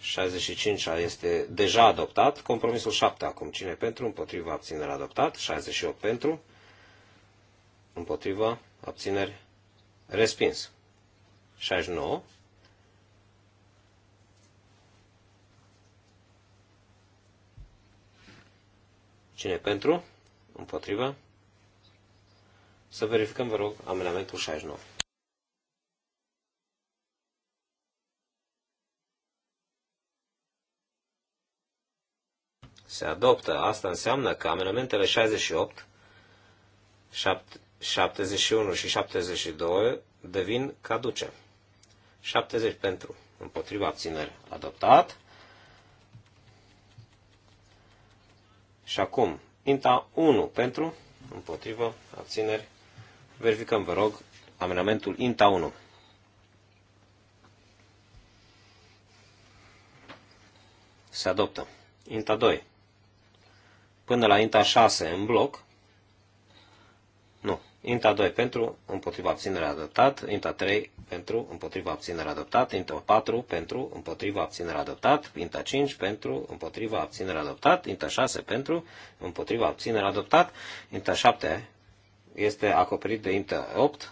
65 este deja adoptat, compromisul 7 acum. Cine pentru, împotriva, abținere adoptat, 68 pentru, împotriva, abțineri, respins. 69. Cine pentru, împotriva, să verificăm, vă rog, amenamentul 69. Se adoptă. Asta înseamnă că amenamentele 68, 71 și 72 devin caduce. 70 pentru, împotriva abținere, adoptat. Și acum, INTA 1 pentru, împotriva abțineri, Verificăm, vă rog, amenamentul INTA 1. Se adoptă. INTA 2. Până la INTA 6 în bloc. Nu. INTA 2 pentru, împotriva abținerea adoptat. INTA 3 pentru, împotriva abținerea adoptat. INTA 4 pentru, împotriva abținerea adoptat. INTA 5 pentru, împotriva abținerea adoptat. INTA 6 pentru, împotriva abținerea adoptat. INTA 7 este acoperit de INTA 8,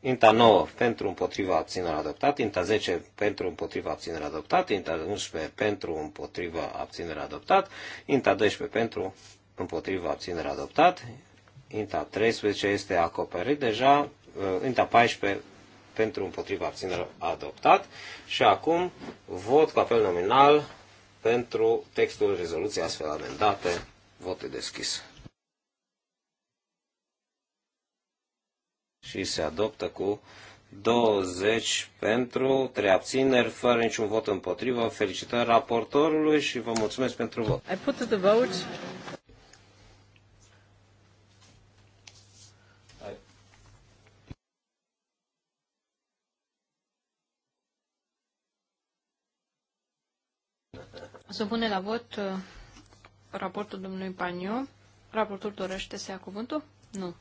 INTA 9 pentru împotriva abținere adoptat, INTA 10 pentru împotriva abținere adoptat, INTA 11 pentru împotriva abținere adoptat, INTA 12 pentru împotriva abținere adoptat, INTA 13 este acoperit deja, uh, INTA 14 pentru împotriva abținere adoptat și acum vot cu apel nominal pentru textul rezoluției astfel amendate. vot deschis. și se adoptă cu 20 pentru, 3 abțineri, fără niciun vot împotrivă. Felicitări raportorului și vă mulțumesc pentru vot. I put the vote. Să pune la vot uh, raportul domnului Paniu. Raportul dorește să ia cuvântul? Nu.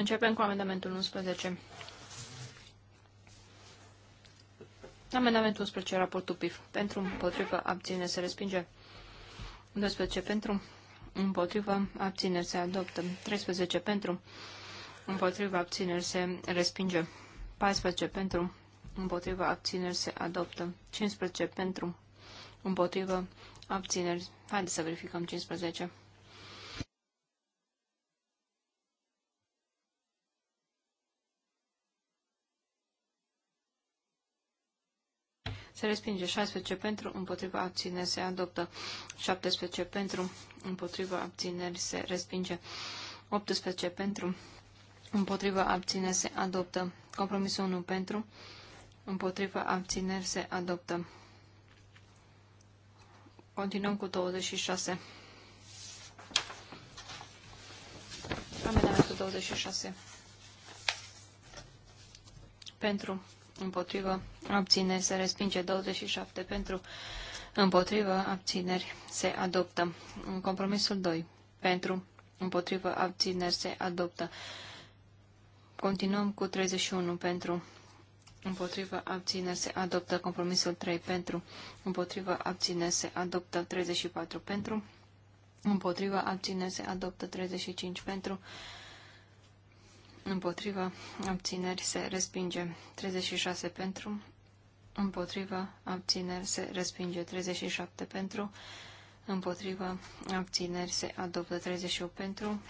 Începem cu amendamentul 11. Amendamentul 11, raportul PIF. Pentru, împotrivă, abține, se respinge. 12 pentru, împotrivă, abține, se adoptă. 13 pentru, împotrivă, abține, se respinge. 14 pentru, împotrivă, abține, se adoptă. 15 pentru, împotrivă, abține. Haideți să verificăm 15. se respinge. 16 pentru, împotriva abțineri se adoptă. 17 pentru, împotriva abțineri se respinge. 18 pentru, împotriva abțineri se adoptă. Compromisul 1 pentru, împotriva abțineri se adoptă. Continuăm cu 26. Amendamentul 26. Pentru împotrivă, abțineri, se respinge 27 pentru, împotrivă, abțineri, se adoptă. Compromisul 2 pentru, împotrivă, abțineri, se adoptă. Continuăm cu 31 pentru, împotrivă, abțineri, se adoptă. Compromisul 3 pentru, împotrivă, abțineri, se adoptă. 34 pentru, împotrivă, abțineri, se adoptă. 35 pentru, împotriva, abțineri se respinge. 36 pentru, împotriva, abțineri se respinge. 37 pentru, împotriva, abțineri se adoptă. 38 pentru,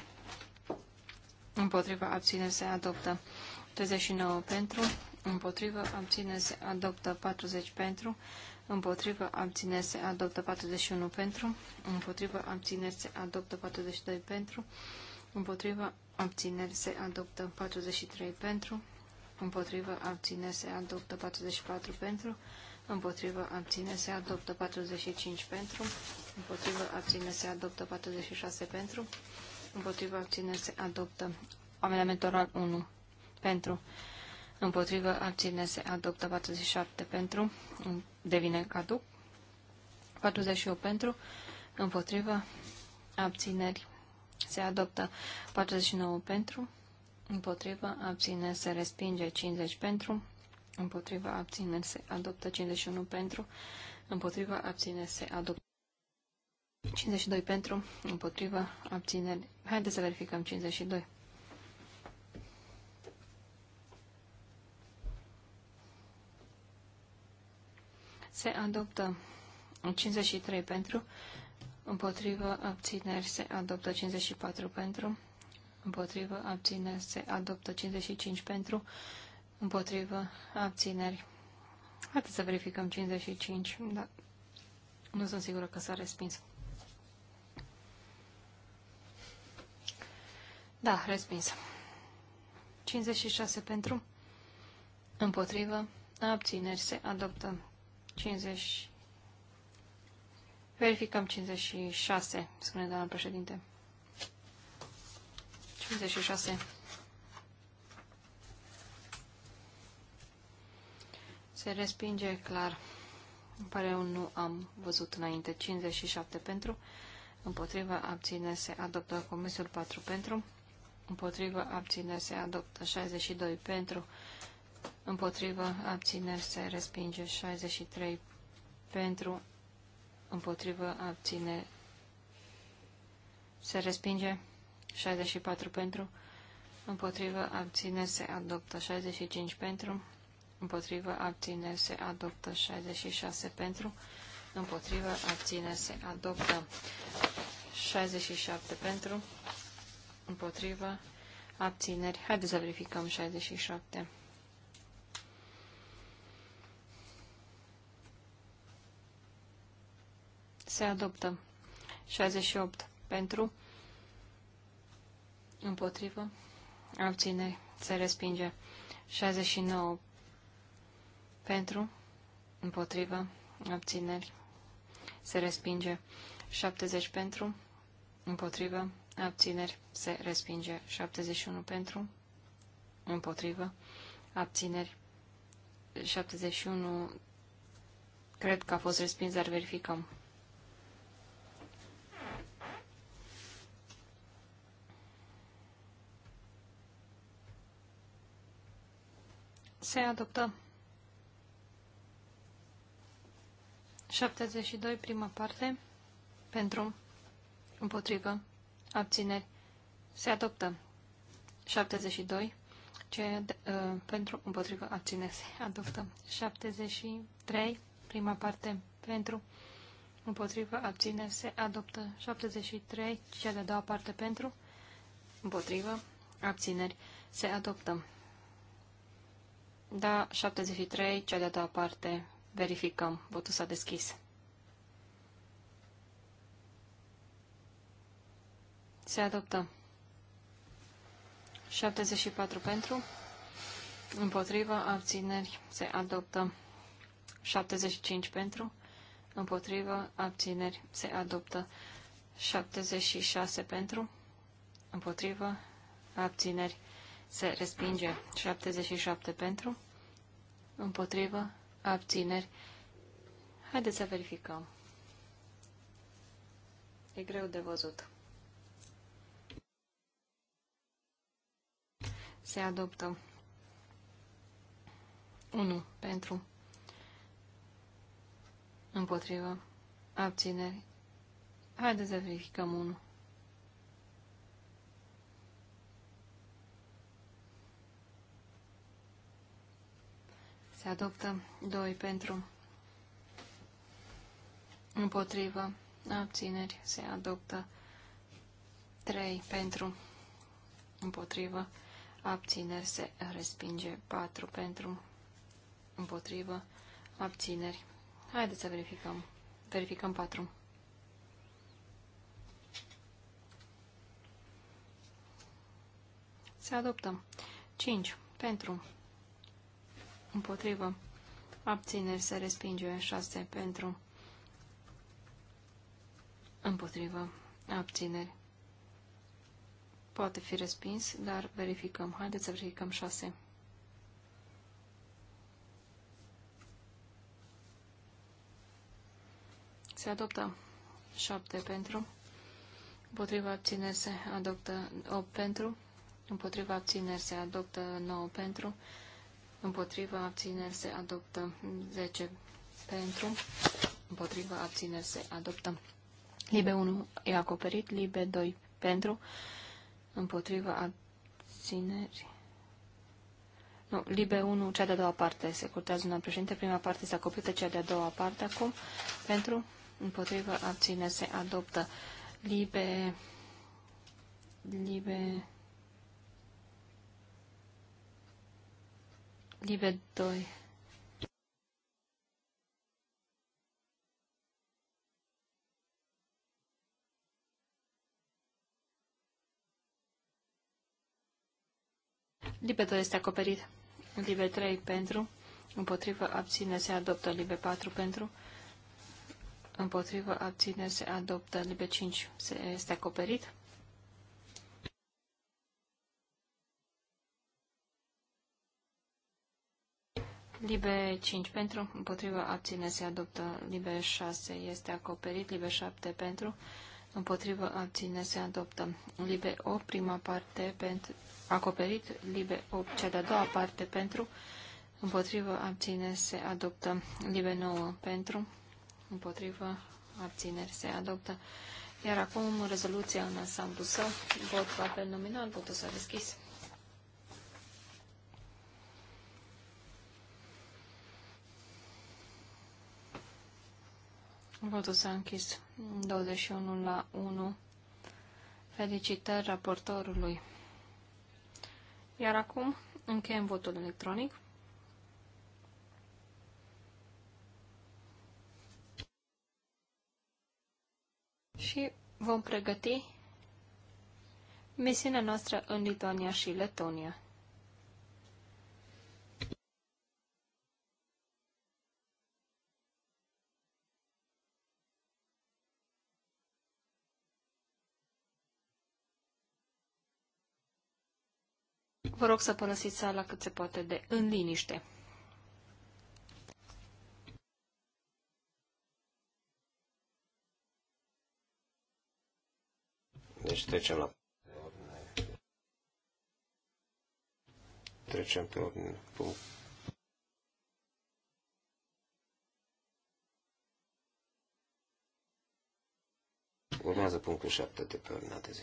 împotriva, abțineri se adoptă. 39 pentru, împotriva, abțineri se adoptă. 40 pentru, Împotriva abțineri se adoptă 41 pentru. Împotriva abțineri se adoptă 42 pentru. Împotriva abțineri se adoptă 43 pentru, împotrivă abțineri se adoptă 44 pentru, împotrivă abțineri se adoptă 45 pentru, împotrivă abțineri se adoptă 46 pentru, împotrivă abțineri se adoptă amendamentul oral 1 pentru, împotrivă abțineri se adoptă 47 pentru, devine caduc, 48 pentru, împotrivă abțineri se adoptă 49 pentru, împotrivă, abține, se respinge 50 pentru, împotrivă, abține, se adoptă 51 pentru, împotrivă, abține, se adoptă. 52 pentru, împotrivă, abțineri. Haideți să verificăm 52. Se adoptă 53 pentru, Împotrivă abțineri se adoptă 54 pentru. Împotrivă abțineri se adoptă 55 pentru. Împotrivă abțineri. Haideți să verificăm 55, dar nu sunt sigură că s-a respins. Da, respins. 56 pentru. Împotrivă abțineri se adoptă 55. Verificăm 56, spune doamna președinte. 56. Se respinge clar. Îmi pare un nu am văzut înainte. 57 pentru. Împotrivă abține se adoptă comisul 4 pentru. Împotrivă abține se adoptă 62 pentru. Împotrivă abține se respinge 63 pentru împotrivă, abține, se respinge. 64 pentru, împotrivă, abține, se adoptă. 65 pentru, împotrivă, abține, se adoptă. 66 pentru, împotrivă, abține, se adoptă. 67 pentru, împotrivă, abțineri. Haideți să verificăm 67. se adoptă. 68 pentru, împotrivă, abțineri, se respinge. 69 pentru, împotrivă, abțineri, se respinge. 70 pentru, împotrivă, abțineri, se respinge. 71 pentru, împotrivă, abțineri, 71 cred că a fost respins, dar verificăm. se adoptă. 72, prima parte, pentru, împotrivă, abțineri, se adoptă. 72, ce, uh, pentru, împotrivă, abțineri, se adoptă. 73, prima parte, pentru, împotrivă, abțineri, se adoptă. 73, cea de-a doua parte, pentru, împotrivă, abțineri, se adoptă. Da, 73, cea de-a doua parte. Verificăm. Votul s-a deschis. Se adoptă. 74 pentru. Împotrivă. abțineri se adoptă. 75 pentru. Împotrivă. abțineri se adoptă. 76 pentru. Împotrivă. abțineri se respinge. 77 pentru, împotrivă, abțineri. Haideți să verificăm. E greu de văzut. Se adoptă 1 pentru, împotrivă, abțineri. Haideți să verificăm 1. Se adoptă 2 pentru. Împotrivă. Abțineri. Se adoptă 3 pentru. Împotrivă. Abțineri. Se respinge 4 pentru. Împotrivă. Abțineri. Haideți să verificăm. Verificăm 4. Se adoptă 5 pentru împotrivă, abțineri se respinge șase pentru, împotrivă, abțineri. Poate fi respins, dar verificăm. Haideți să verificăm șase. Se adoptă 7 pentru. Împotriva abțineri se adoptă 8 pentru. Împotriva abțineri se adoptă 9 pentru. Împotriva abțineri se adoptă 10 pentru. Împotriva abțineri se adoptă. Libe 1 e acoperit. Libe 2 pentru. Împotriva abțineri. Nu, Libe 1, cea de-a doua parte. Se curtează una președinte. Prima parte se acoperită, cea de-a doua parte acum. Pentru. împotriva, abțineri se adoptă. Libe... Libe... Libe 2. Libe 2 este acoperit. Libe 3 pentru. Împotrivă abține se adoptă. Libe 4 pentru. Împotrivă abține se adoptă. Libe 5 este acoperit. Libe 5 pentru, împotriva abține se adoptă. Libe 6 este acoperit. Libe 7 pentru, împotriva abține se adoptă. Libe 8, prima parte pentru, acoperit. Libe 8, cea de-a doua parte pentru, împotriva abține se adoptă. Libe 9 pentru, împotriva abțineri se adoptă. Iar acum rezoluția în ansamblu său, vot cu apel nominal, votul s-a deschis. Votul s-a închis 21 la 1. Felicitări raportorului. Iar acum încheiem votul electronic. Și vom pregăti misiunea noastră în Lituania și Letonia. Vă rog să părăsiți sala cât se poate de în liniște. Deci trecem la ordine. trecem pe ordine. Punct. Urmează punctul 7 de pe ordinea de zi.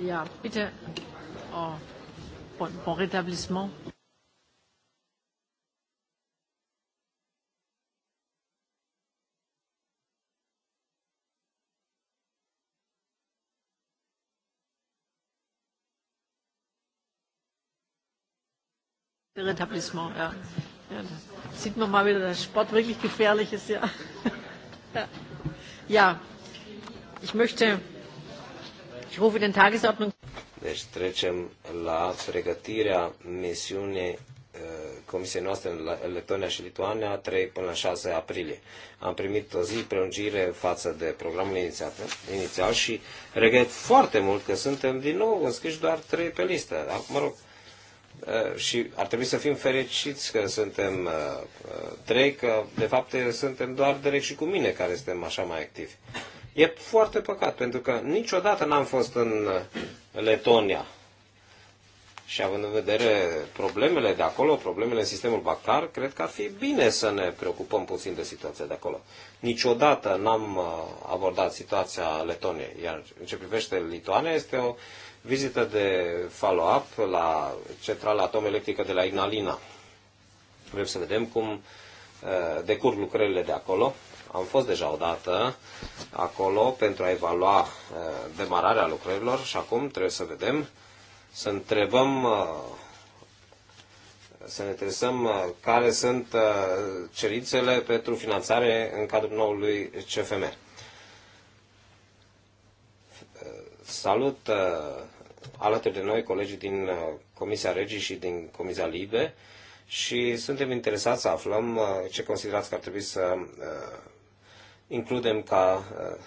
Ja, bitte. Oh, bon, bon rétablissement. Rétablissement, ja. ja. Sieht man mal wieder, dass Sport wirklich gefährlich ist, ja. [laughs] ja, ich möchte Ich rufe den Tagesordnung. Deci trecem la pregătirea misiunii uh, comisiei noastre în Letonia și Lituania, 3 până la 6 aprilie. Am primit o zi prelungire față de programul inițiat, inițial și regret foarte mult că suntem din nou înscriși doar 3 pe listă. Acum, mă rog, uh, și ar trebui să fim fericiți că suntem uh, trei, că de fapt suntem doar direct și cu mine care suntem așa mai activi. E foarte păcat, pentru că niciodată n-am fost în uh, Letonia. Și având în vedere problemele de acolo, problemele în sistemul bancar, cred că ar fi bine să ne preocupăm puțin de situația de acolo. Niciodată n-am uh, abordat situația Letoniei, iar în ce privește Lituania este o vizită de follow-up la centrala atomelectrică de la Ignalina. Vrem să vedem cum uh, decurg lucrările de acolo am fost deja odată acolo pentru a evalua uh, demararea lucrărilor și acum trebuie să vedem, să întrebăm, uh, să ne interesăm uh, care sunt cerințele pentru finanțare în cadrul noului CFM. Salut alături de noi colegii din Comisia Regii și din Comisia Libe și suntem interesați să aflăm ce considerați că ar trebui să includem ca uh,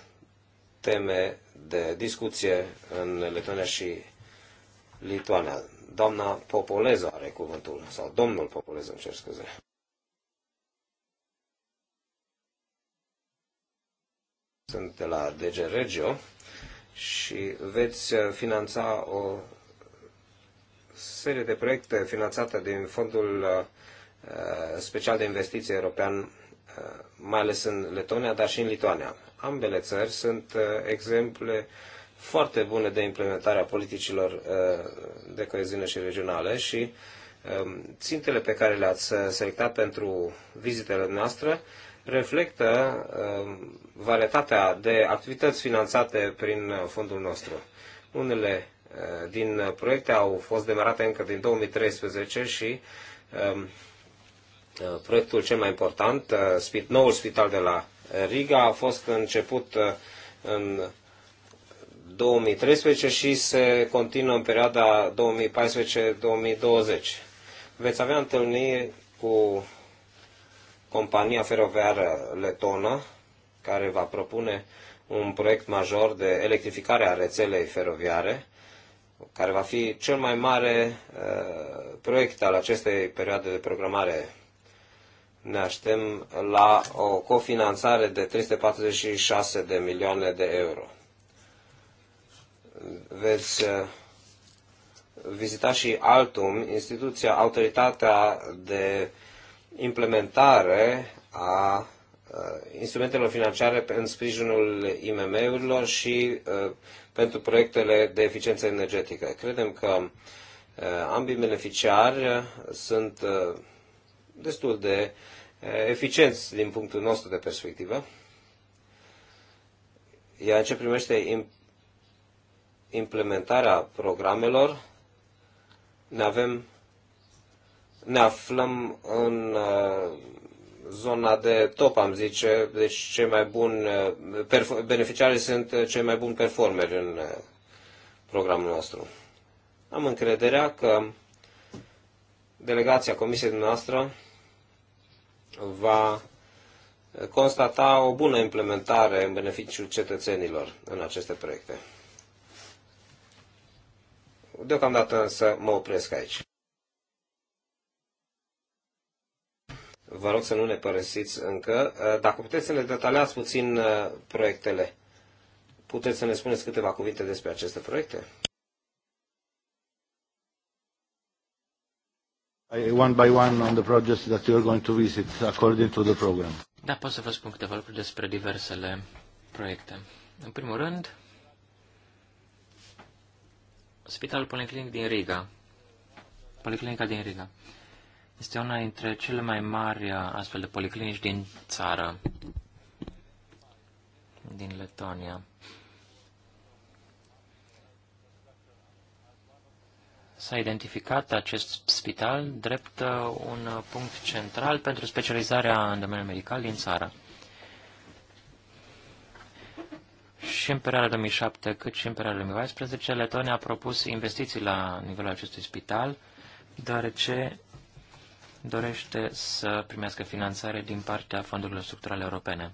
teme de discuție în Letonia și Lituania. Doamna Popolezo are cuvântul, sau domnul Popolezo, îmi cer scuze. Sunt de la DG Regio și veți uh, finanța o serie de proiecte finanțate din Fondul uh, Special de Investiții European Uh, mai ales în Letonia, dar și în Lituania. Ambele țări sunt uh, exemple foarte bune de implementare a politicilor uh, de coeziune și regionale și um, țintele pe care le-ați selectat pentru vizitele noastre reflectă um, varietatea de activități finanțate prin fondul nostru. Unele din proiecte au fost demarate încă din 2013 și um, Uh, proiectul cel mai important, uh, noul spital de la Riga, a fost început uh, în 2013 și se continuă în perioada 2014-2020. Veți avea întâlniri cu compania feroviară letonă, care va propune un proiect major de electrificare a rețelei feroviare, care va fi cel mai mare uh, proiect al acestei perioade de programare ne aștem la o cofinanțare de 346 de milioane de euro. Veți uh, vizita și Altum, instituția, autoritatea de implementare a uh, instrumentelor financiare în sprijinul IMM-urilor și uh, pentru proiectele de eficiență energetică. Credem că ambii beneficiari sunt destul de eh, eficienți din punctul nostru de perspectivă. Iar în ce primește implementarea programelor, ne avem ne aflăm în eh, zona de top, am zice, deci cei mai buni eh, beneficiarii sunt cei mai buni performeri în programul nostru. Am încrederea că delegația comisiei noastre va constata o bună implementare în beneficiul cetățenilor în aceste proiecte. Deocamdată însă mă opresc aici. Vă rog să nu ne părăsiți încă. Dacă puteți să ne detaliați puțin uh, proiectele, puteți să ne spuneți câteva cuvinte despre aceste proiecte? one by one on the projects that you are going to visit according to the program. Da, pot să vă spun câteva lucruri despre diversele proiecte. În primul rând, Spitalul Policlinic din Riga. Policlinica din Riga. Este una dintre cele mai mari uh, astfel de policlinici din țară, din Letonia. S-a identificat acest spital drept uh, un punct central pentru specializarea în domeniul medical din țară. Și în perioada 2007, cât și în perioada 2014, Letonia a propus investiții la nivelul acestui spital, deoarece dorește să primească finanțare din partea fondurilor structurale europene.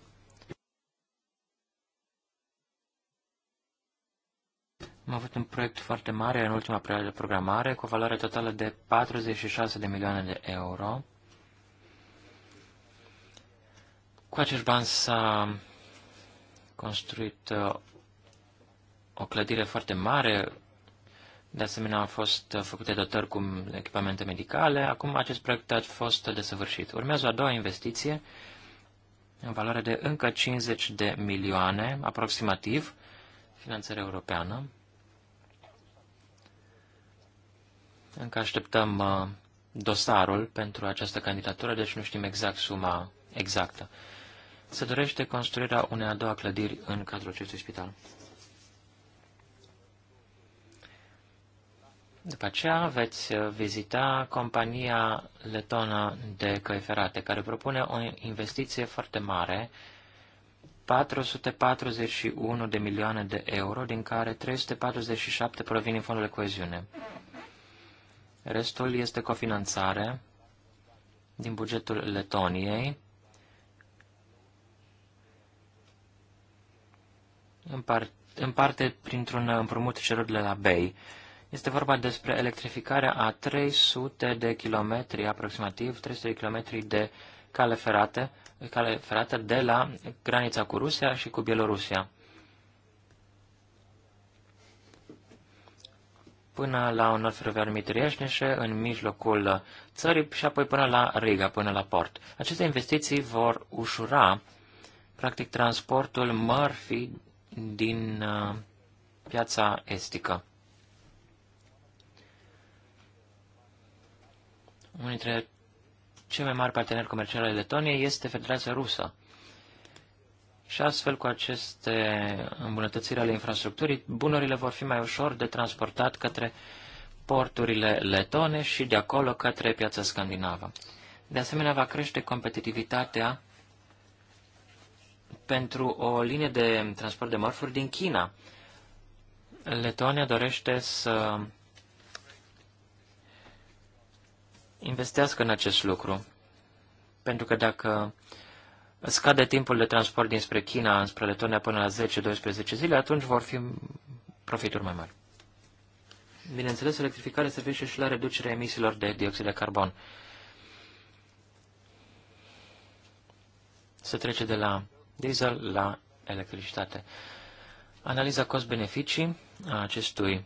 Am avut un proiect foarte mare în ultima perioadă de programare, cu o valoare totală de 46 de milioane de euro. Cu acești bani s-a construit uh, o clădire foarte mare, de asemenea, au fost uh, făcute dotări cu echipamente medicale. Acum acest proiect a fost desăvârșit. Urmează a doua investiție, în valoare de încă 50 de milioane, aproximativ, finanțare europeană. Încă așteptăm uh, dosarul pentru această candidatură, deci nu știm exact suma exactă. Se dorește construirea unei a doua clădiri în cadrul acestui spital. După aceea veți uh, vizita compania letonă de căi ferate, care propune o investiție foarte mare, 441 de milioane de euro, din care 347 provin din fondul de coeziune. Restul este cofinanțare din bugetul Letoniei, în, par în parte printr-un împrumut cerut de la Bay. Este vorba despre electrificarea a 300 de kilometri, aproximativ 300 de kilometri de cale ferată, cale ferată de la granița cu Rusia și cu Bielorusia. până la un nod Mitrieșneșe, în mijlocul țării și apoi până la Riga, până la port. Aceste investiții vor ușura, practic, transportul mărfii din uh, piața estică. Unul dintre cei mai mari parteneri comerciali ale Letoniei este Federația Rusă. Și astfel, cu aceste îmbunătățiri ale infrastructurii, bunurile vor fi mai ușor de transportat către porturile letone și de acolo către piața scandinavă. De asemenea, va crește competitivitatea pentru o linie de transport de mărfuri din China. Letonia dorește să investească în acest lucru, pentru că dacă scade timpul de transport dinspre China, înspre Letonia, până la 10-12 zile, atunci vor fi profituri mai mari. Bineînțeles, electrificarea servește și la reducerea emisiilor de dioxid de carbon. Se trece de la diesel la electricitate. Analiza cost-beneficii a acestui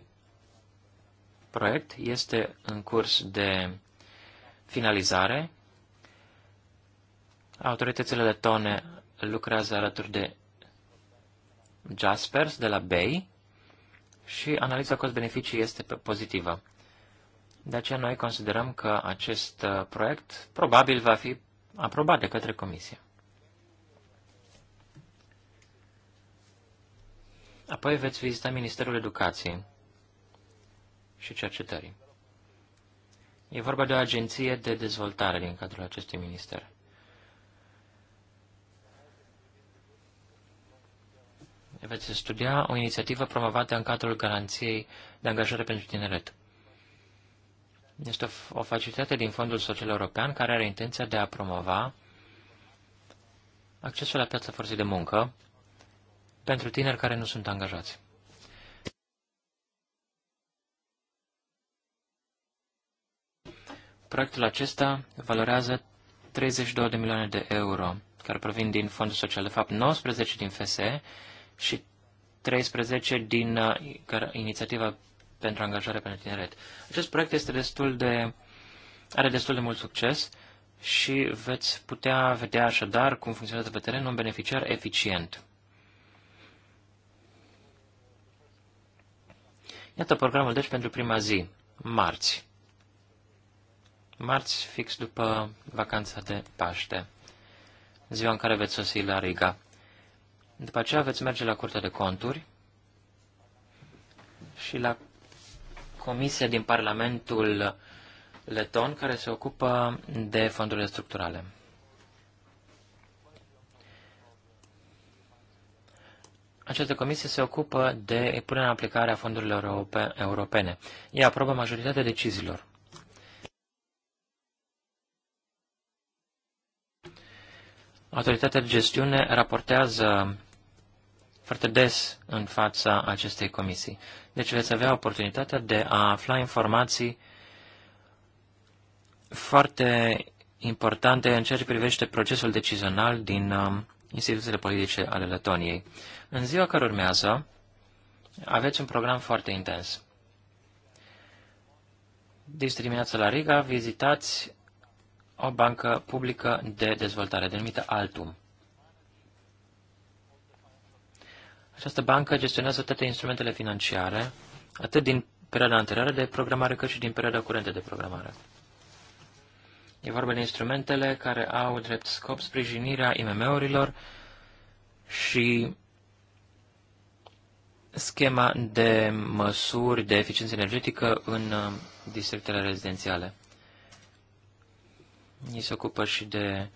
proiect este în curs de finalizare Autoritățile letone lucrează alături de Jaspers de la Bay și analiza cost-beneficii este pozitivă. De aceea noi considerăm că acest uh, proiect probabil va fi aprobat de către Comisie. Apoi veți vizita Ministerul Educației și Cercetării. E vorba de o agenție de dezvoltare din cadrul acestui minister. veți studia o inițiativă promovată în cadrul garanției de angajare pentru tineret. Este o facilitate din Fondul Social European care are intenția de a promova accesul la piața forței de muncă pentru tineri care nu sunt angajați. Proiectul acesta valorează 32 de milioane de euro, care provin din Fondul Social, de fapt 19 din FSE și 13 din uh, inițiativa pentru angajare pentru tineret. Acest proiect este destul de, are destul de mult succes și veți putea vedea așadar cum funcționează pe teren un beneficiar eficient. Iată programul, deci, pentru prima zi, marți. Marți, fix după vacanța de Paște, ziua în care veți sosi la Riga. După aceea veți merge la Curtea de Conturi și la Comisia din Parlamentul Leton care se ocupă de fondurile structurale. Această comisie se ocupă de punerea în aplicare a fondurilor europene. Ea aprobă majoritatea deciziilor. Autoritatea de gestiune raportează foarte des în fața acestei comisii. Deci veți avea oportunitatea de a afla informații foarte importante în ceea ce privește procesul decizional din um, instituțiile politice ale Letoniei. În ziua care urmează, aveți un program foarte intens. Distriminați dimineața la Riga vizitați o bancă publică de dezvoltare denumită Altum. Această bancă gestionează toate instrumentele financiare, atât din perioada anterioară de programare, cât și din perioada curentă de programare. E vorba de instrumentele care au drept scop sprijinirea IMM-urilor și schema de măsuri de eficiență energetică în uh, districtele rezidențiale. Ei se ocupă și de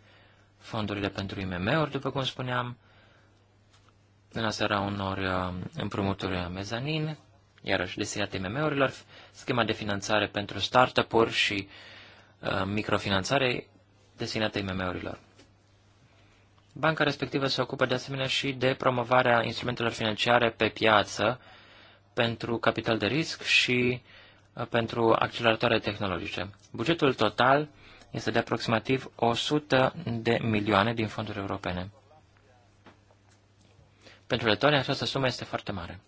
fondurile pentru IMM-uri, după cum spuneam, seara unor uh, împrumuturi mezanin, iarăși destinate IMM-urilor, schema de finanțare pentru startup-uri și uh, microfinanțare destinate IMM-urilor. Banca respectivă se ocupă de asemenea și de promovarea instrumentelor financiare pe piață pentru capital de risc și uh, pentru acceleratoare tehnologice. Bugetul total este de aproximativ 100 de milioane din fonduri europene. Pentru Letonia această sumă este foarte mare.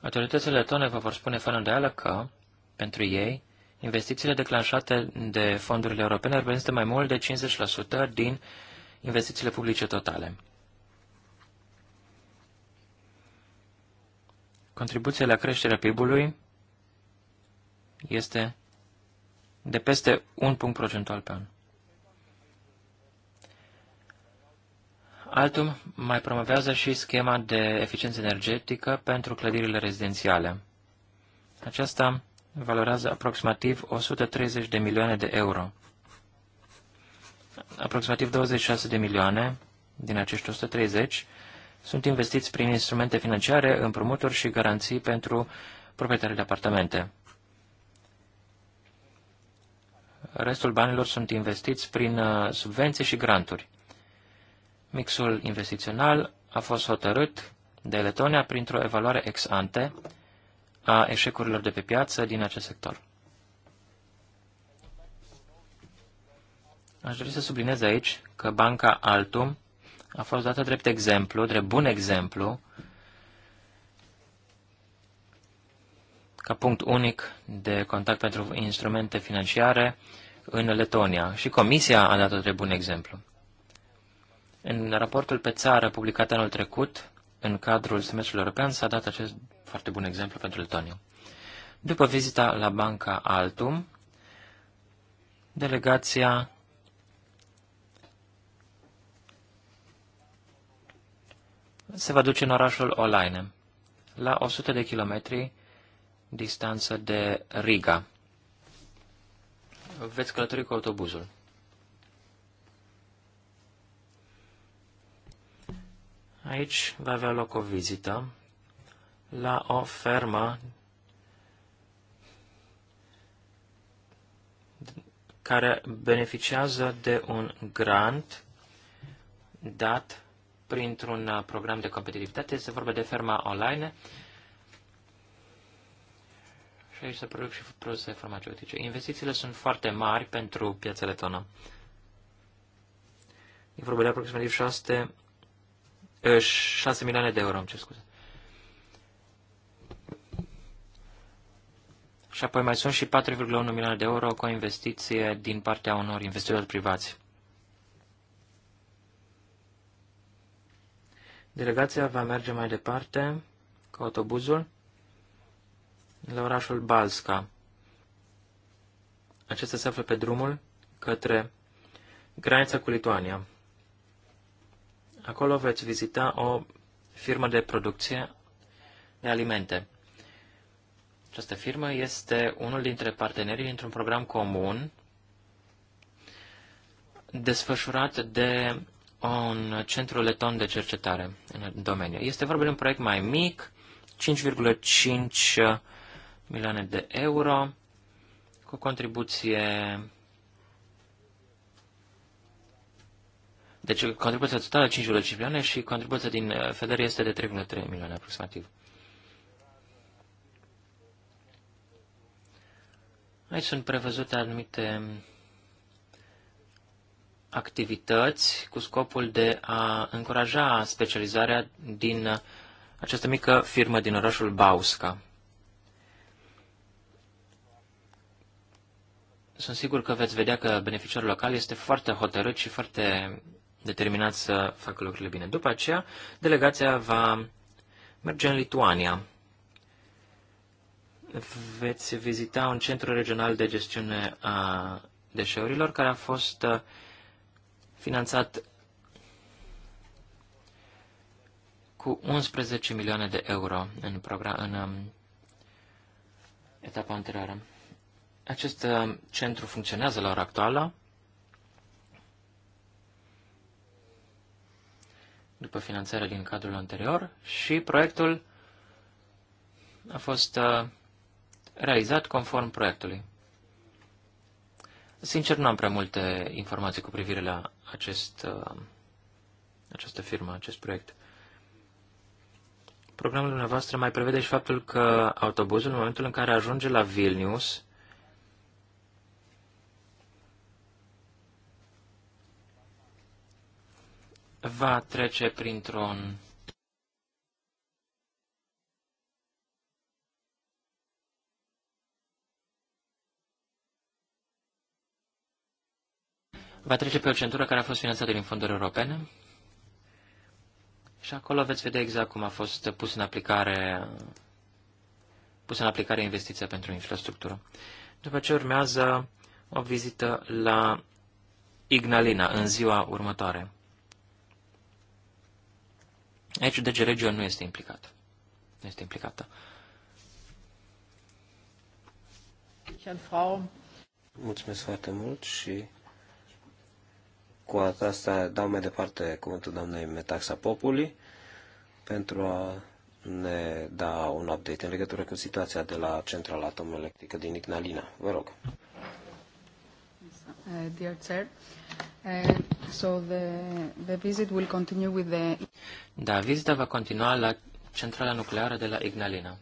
Autoritățile letone vă vor spune fără îndoială că, pentru ei, investițiile declanșate de fondurile europene reprezintă mai mult de 50% din investițiile publice totale. Contribuția la creșterea PIB-ului este de peste un punct procentual pe an. Altum mai promovează și schema de eficiență energetică pentru clădirile rezidențiale. Aceasta valorează aproximativ 130 de milioane de euro. Aproximativ 26 de milioane din acești 130 sunt investiți prin instrumente financiare, împrumuturi și garanții pentru proprietarii de apartamente. Restul banilor sunt investiți prin uh, subvenții și granturi. Mixul investițional a fost hotărât de Letonia printr-o evaluare ex ante a eșecurilor de pe piață din acest sector. Aș dori să subliniez aici că banca Altum a fost dată drept exemplu, drept bun exemplu, ca punct unic de contact pentru instrumente financiare în Letonia. Și Comisia a dat-o drept bun exemplu. În raportul pe țară publicat anul trecut, în cadrul semestrului european, s-a dat acest foarte bun exemplu pentru Letonia. După vizita la Banca Altum, delegația se va duce în orașul Olaine, la 100 de kilometri distanță de Riga. Veți călători cu autobuzul. Aici va avea loc o vizită la o fermă care beneficiază de un grant dat printr-un program de competitivitate. Este vorba de ferma online și aici se produc și produse farmaceutice. Investițiile sunt foarte mari pentru piața letonă. E vorba de aproximativ 6 6 eh, milioane de euro, îmi cer scuze. Și apoi mai sunt și 4,1 milioane de euro cu o investiție din partea unor investitori privați. Delegația va merge mai departe cu autobuzul la orașul Balska. Acesta se află pe drumul către granița cu Lituania. Acolo veți vizita o firmă de producție de alimente. Această firmă este unul dintre partenerii într-un program comun desfășurat de un centru leton de cercetare în domeniu. Este vorba de un proiect mai mic, 5,5 milioane de euro, cu contribuție Deci contribuția totală 5,5 milioane și contribuția din uh, FEDER este de 3,3 milioane aproximativ. Aici sunt prevăzute anumite activități cu scopul de a încuraja specializarea din uh, această mică firmă din orașul Bausca. Sunt sigur că veți vedea că beneficiarul local este foarte hotărât și foarte determinat să facă lucrurile bine. După aceea, delegația va merge în Lituania. Veți vizita un centru regional de gestiune a deșeurilor care a fost uh, finanțat cu 11 milioane de euro în, program, în um, etapa anterioară. Acest uh, centru funcționează la ora actuală după finanțarea din cadrul anterior și proiectul a fost uh, realizat conform proiectului. Sincer, nu am prea multe informații cu privire la acest, uh, această firmă, acest proiect. Programul dumneavoastră mai prevede și faptul că autobuzul, în momentul în care ajunge la Vilnius, va trece printr-un va trece pe o centură care a fost finanțată din fonduri europene și acolo veți vedea exact cum a fost pus în aplicare, pus în aplicare investiția pentru infrastructură. După ce urmează o vizită la Ignalina în ziua următoare. Aici DG Regio nu este implicat. Nu este implicată. Mulțumesc foarte mult și cu asta dau mai departe cuvântul doamnei Metaxa Populi pentru a ne da un update în legătură cu situația de la centrala atomelectrică din Ignalina. Vă rog. Uh, dear sir. Uh, so the, the visit will continue with the... Da, vizita va continua la centrala nucleară de la Ignalina.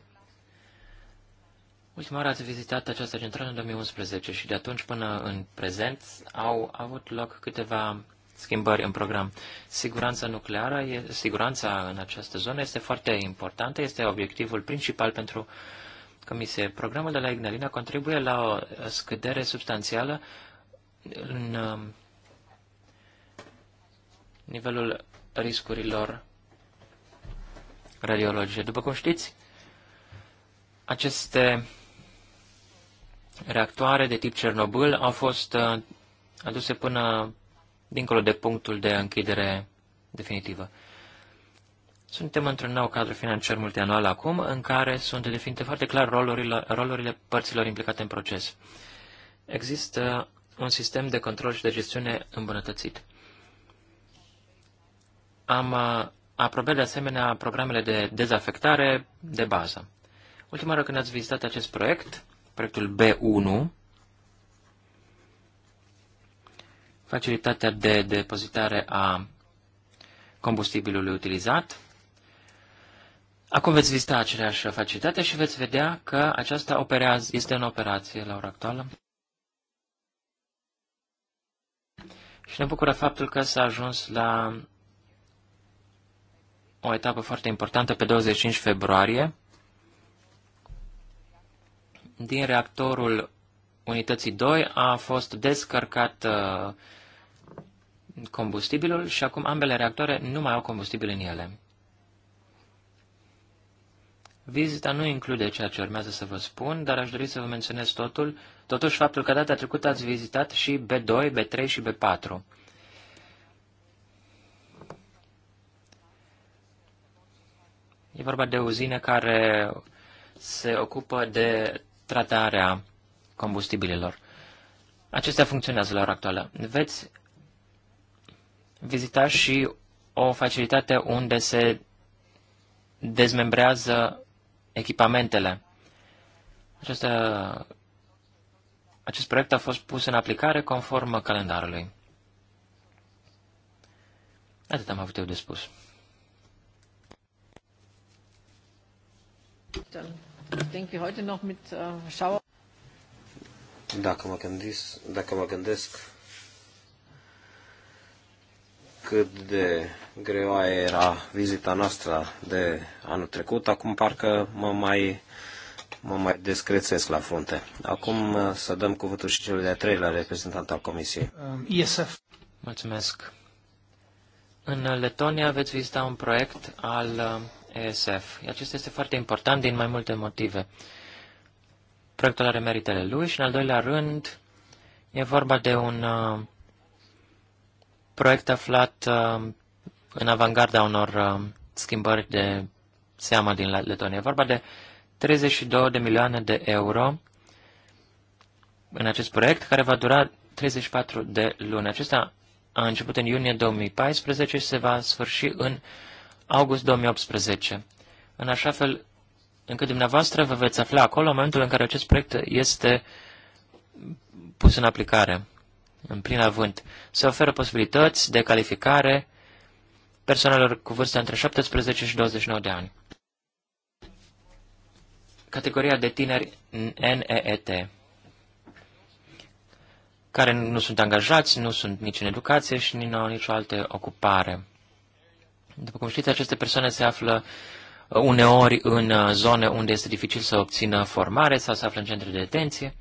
Ultima oară ați vizitat această centrală în 2011 și de atunci până în prezent au avut loc câteva schimbări în program. Siguranța nucleară, siguranța în această zonă este foarte importantă, este obiectivul principal pentru Comisie. Programul de la Ignalina contribuie la o scădere substanțială în um, nivelul riscurilor radiologice. După cum știți, aceste reactoare de tip Cernobâl au fost uh, aduse până dincolo de punctul de închidere definitivă. Suntem într-un nou cadru financiar multianual acum, în care sunt definite foarte clar rolurile, rolurile părților implicate în proces. Există un sistem de control și de gestiune îmbunătățit am uh, aprobat de asemenea programele de dezafectare de bază. Ultima oară când ați vizitat acest proiect, proiectul B1, facilitatea de depozitare a combustibilului utilizat, Acum veți vizita aceleași facilitate și veți vedea că aceasta operează, este în operație la ora actuală. Și ne bucură faptul că s-a ajuns la o etapă foarte importantă pe 25 februarie din reactorul unității 2 a fost descărcat uh, combustibilul și acum ambele reactoare nu mai au combustibil în ele. Vizita nu include ceea ce urmează să vă spun, dar aș dori să vă menționez totul, totuși faptul că data trecută ați vizitat și B2, B3 și B4. E vorba de o uzină care se ocupă de tratarea combustibililor. Acestea funcționează la ora actuală. Veți vizita și o facilitate unde se dezmembrează echipamentele. Această, acest proiect a fost pus în aplicare conform calendarului. Atât am avut eu de spus. Äh, dacă mă gândesc, dacă mă gândesc cât de greoa era vizita noastră de anul trecut, acum parcă mă mai, mă mai descrețesc la frunte. Acum uh, să dăm cuvântul și celui de-a treilea reprezentant al Comisiei. Um, ISF. Mulțumesc. În Letonia veți vizita un proiect al uh, ESF. Acesta este foarte important din mai multe motive. Proiectul are meritele lui și, în al doilea rând, e vorba de un uh, proiect aflat uh, în avangarda unor uh, schimbări de seama din Letonia. E vorba de 32 de milioane de euro în acest proiect, care va dura 34 de luni. Acesta a început în iunie 2014 și se va sfârși în august 2018, în așa fel încât dumneavoastră vă veți afla acolo în momentul în care acest proiect este pus în aplicare, în plin avânt. Se oferă posibilități de calificare persoanelor cu vârste între 17 și 29 de ani. Categoria de tineri NEET, care nu sunt angajați, nu sunt nici în educație și nici în nicio altă ocupare. După cum știți, aceste persoane se află uh, uneori în uh, zone unde este dificil să obțină formare sau se află în centre de detenție.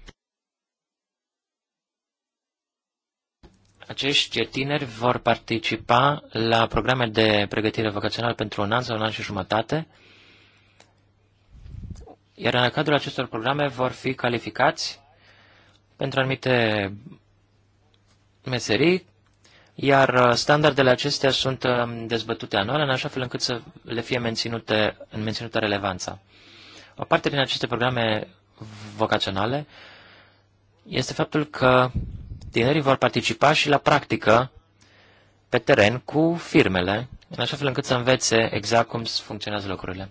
Acești tineri vor participa la programe de pregătire vocațională pentru un an sau un an și jumătate, iar în cadrul acestor programe vor fi calificați pentru anumite meserii iar uh, standardele acestea sunt um, dezbătute anual, în așa fel încât să le fie menținute, menținută relevanța. O parte din aceste programe vocaționale este faptul că tinerii vor participa și la practică pe teren cu firmele, în așa fel încât să învețe exact cum funcționează lucrurile.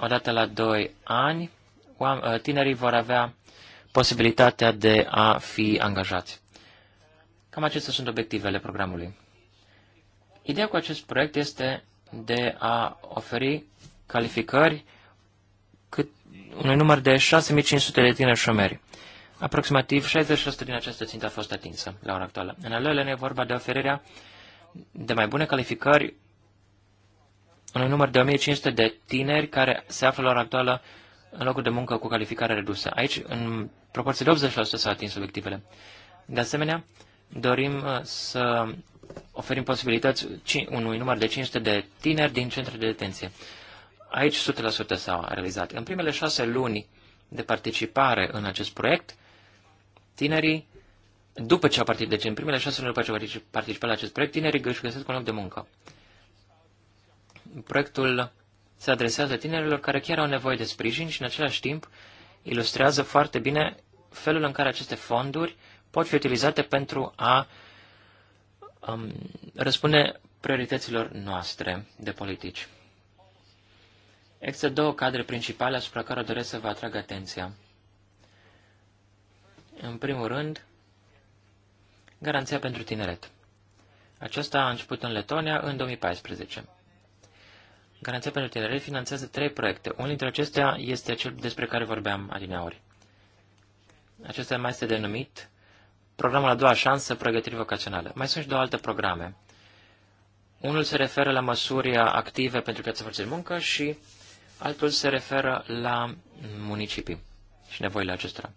Odată la 2 ani, uh, tinerii vor avea posibilitatea de a fi angajați. Cam acestea sunt obiectivele programului. Ideea cu acest proiect este de a oferi calificări cât unui număr de 6500 de tineri șomeri. Aproximativ 60% din această țintă a fost atinsă la ora actuală. În al e vorba de oferirea de mai bune calificări unui număr de 1500 de tineri care se află la ora actuală în locul de muncă cu calificare redusă. Aici, în proporție de 80% s-au atins obiectivele. De asemenea, dorim uh, să oferim posibilități unui număr de 500 de tineri din centre de detenție. Aici 100% s-au realizat. În primele șase luni de participare în acest proiect, tinerii, după ce au participat, deci în primele șase luni după ce au participat la acest proiect, tinerii își găsesc un loc de muncă. Proiectul se adresează tinerilor care chiar au nevoie de sprijin și, în același timp, ilustrează foarte bine felul în care aceste fonduri uh, pot fi utilizate pentru a um, răspunde priorităților noastre de politici. Există două cadre principale asupra care doresc să vă atrag atenția. În primul rând, garanția pentru tineret. Aceasta a început în Letonia în 2014. Garanția pentru tineret finanțează trei proiecte. Unul dintre acestea este cel despre care vorbeam adineauri. Acesta mai este denumit programul A doua șansă, pregătiri vocaționale. Mai sunt și două alte programe. Unul se referă la măsuri active pentru piața forței de muncă și altul se referă la municipii și nevoile acestora.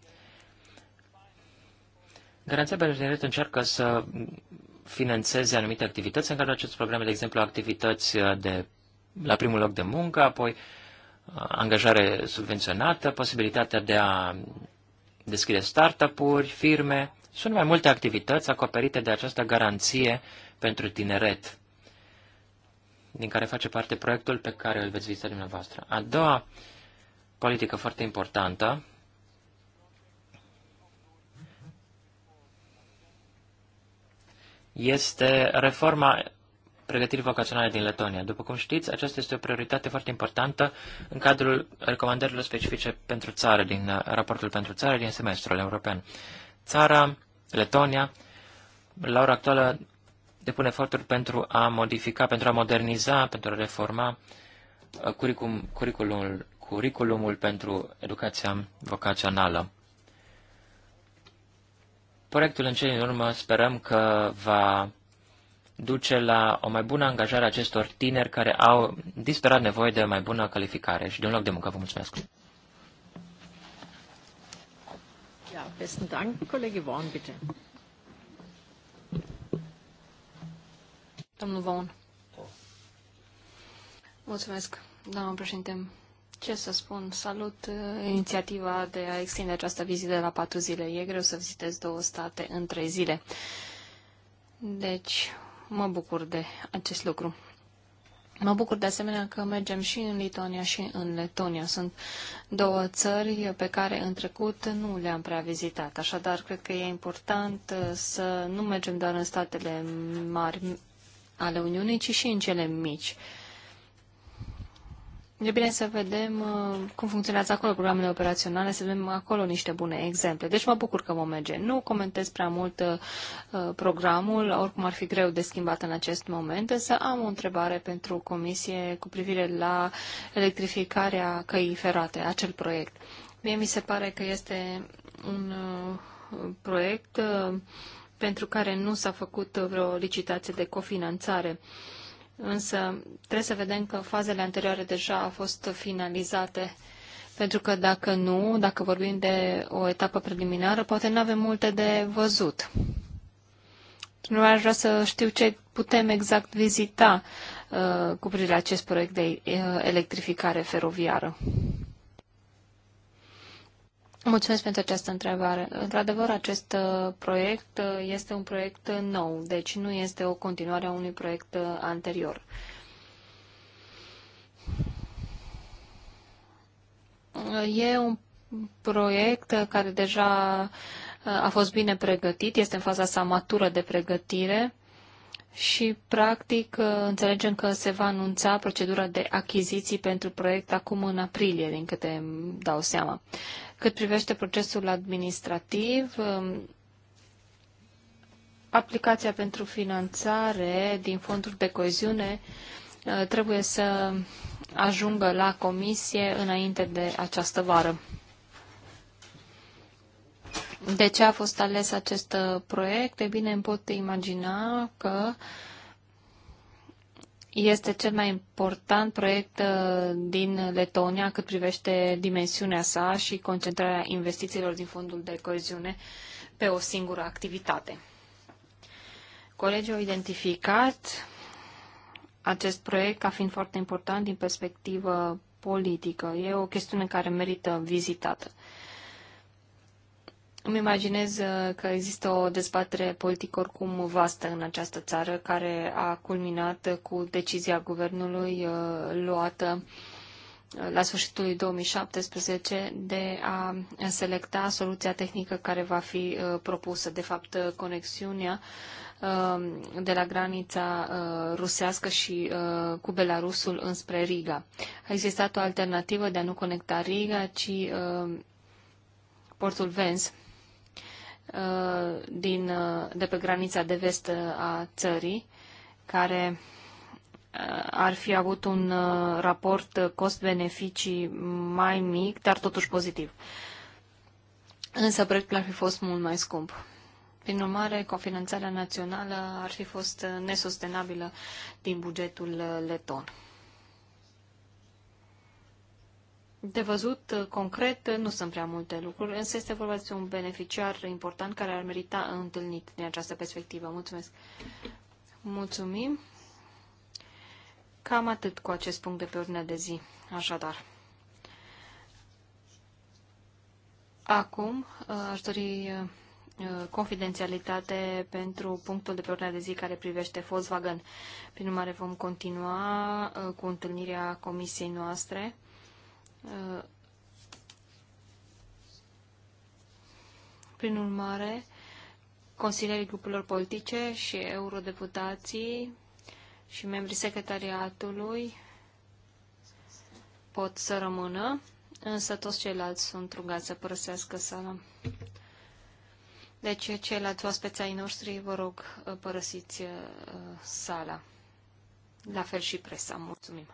Garanția pentru tineret încearcă să finanțeze anumite activități în cadrul acestor programe, de exemplu, activități de, la primul loc de muncă, apoi uh, angajare subvenționată, posibilitatea de a deschide startup-uri, firme, sunt mai multe activități acoperite de această garanție pentru tineret, din care face parte proiectul pe care îl veți vizita dumneavoastră. A doua politică foarte importantă este reforma pregătirii vocaționale din Letonia. După cum știți, aceasta este o prioritate foarte importantă în cadrul recomandărilor specifice pentru țară, din raportul pentru țară din semestrul european. Țara Letonia, la ora actuală, depune eforturi pentru a modifica, pentru a moderniza, pentru a reforma uh, curriculum, curriculumul, pentru educația vocațională. Proiectul în cele din urmă sperăm că va duce la o mai bună angajare a acestor tineri care au disperat nevoie de o mai bună calificare și de un loc de muncă. Vă mulțumesc! Besten Mulțumesc, doamnă președinte. Ce să spun, salut uh, inițiativa de a extinde această vizită la patru zile. E greu să vizitez două state în trei zile. Deci, mă bucur de acest lucru. Mă bucur de asemenea că mergem și în Litonia și în Letonia. Sunt două țări pe care în trecut nu le-am prea vizitat. Așadar, cred că e important uh, să nu mergem doar în statele mari ale Uniunii, ci și în cele mici. E bine să vedem uh, cum funcționează acolo programele operaționale, să vedem acolo niște bune exemple. Deci mă bucur că vom merge. Nu comentez prea mult uh, uh, programul, oricum ar fi greu de schimbat în acest moment, însă am o întrebare pentru comisie cu privire la electrificarea căii ferate, acel proiect. Mie mi se pare că este un proiect pentru care nu s-a făcut vreo licitație de cofinanțare. Uh, Însă trebuie să vedem că fazele anterioare deja au fost finalizate, pentru că dacă nu, dacă vorbim de o etapă preliminară, poate nu avem multe de văzut. Nu aș vrea să știu ce putem exact vizita uh, cu privire la acest proiect de uh, electrificare feroviară. Mulțumesc pentru această întrebare. Într-adevăr, acest uh, proiect uh, este un proiect uh, nou, deci nu este o continuare a unui proiect anterior. E un proiect care deja a fost bine pregătit, este în faza sa matură de pregătire și, practic, înțelegem că se va anunța procedura de achiziții pentru proiect acum în aprilie, din câte îmi dau seama. Cât privește procesul administrativ, um, aplicația pentru finanțare din fonduri de coeziune uh, trebuie să ajungă la comisie înainte de această vară. De ce a fost ales acest uh, proiect? E bine, îmi pot imagina că uh, este cel mai important proiect uh, din Letonia cât privește dimensiunea sa și concentrarea investițiilor din fondul de coeziune pe o singură activitate. Colegii au identificat acest proiect ca fiind foarte important din perspectivă politică. E o chestiune care merită vizitată. Îmi imaginez uh, că există o dezbatere politică oricum vastă în această țară, care a culminat cu decizia guvernului uh, luată uh, la sfârșitul lui 2017 de a selecta soluția tehnică care va fi propusă. De fapt, conexiunea de la granița rusească și cu Belarusul înspre Riga. A existat o alternativă de a nu conecta Riga, ci portul Vens, Uh, din, uh, de pe granița de vest uh, a țării, care ar fi avut un raport cost-beneficii mai mic, dar totuși pozitiv. Însă proiectul ar fi fost mult mai scump. Prin urmare, cofinanțarea națională ar fi fost nesustenabilă din bugetul leton. De văzut uh, concret uh, nu sunt prea multe lucruri, însă este vorba despre un beneficiar important care ar merita întâlnit din această perspectivă. Mulțumesc! Mulțumim! Cam atât cu acest punct de pe ordinea de zi. Așadar. Acum uh, aș dori confidențialitate pentru punctul de pe ordinea de zi care privește Volkswagen. Prin urmare vom continua cu întâlnirea comisiei noastre Uh, prin urmare, consilierii grupurilor politice și eurodeputații și membrii secretariatului pot să rămână, însă toți ceilalți sunt rugați să părăsească sala. Deci ceilalți oaspeți ai noștri, vă rog, uh, părăsiți uh, sala. La fel și presa. Mulțumim!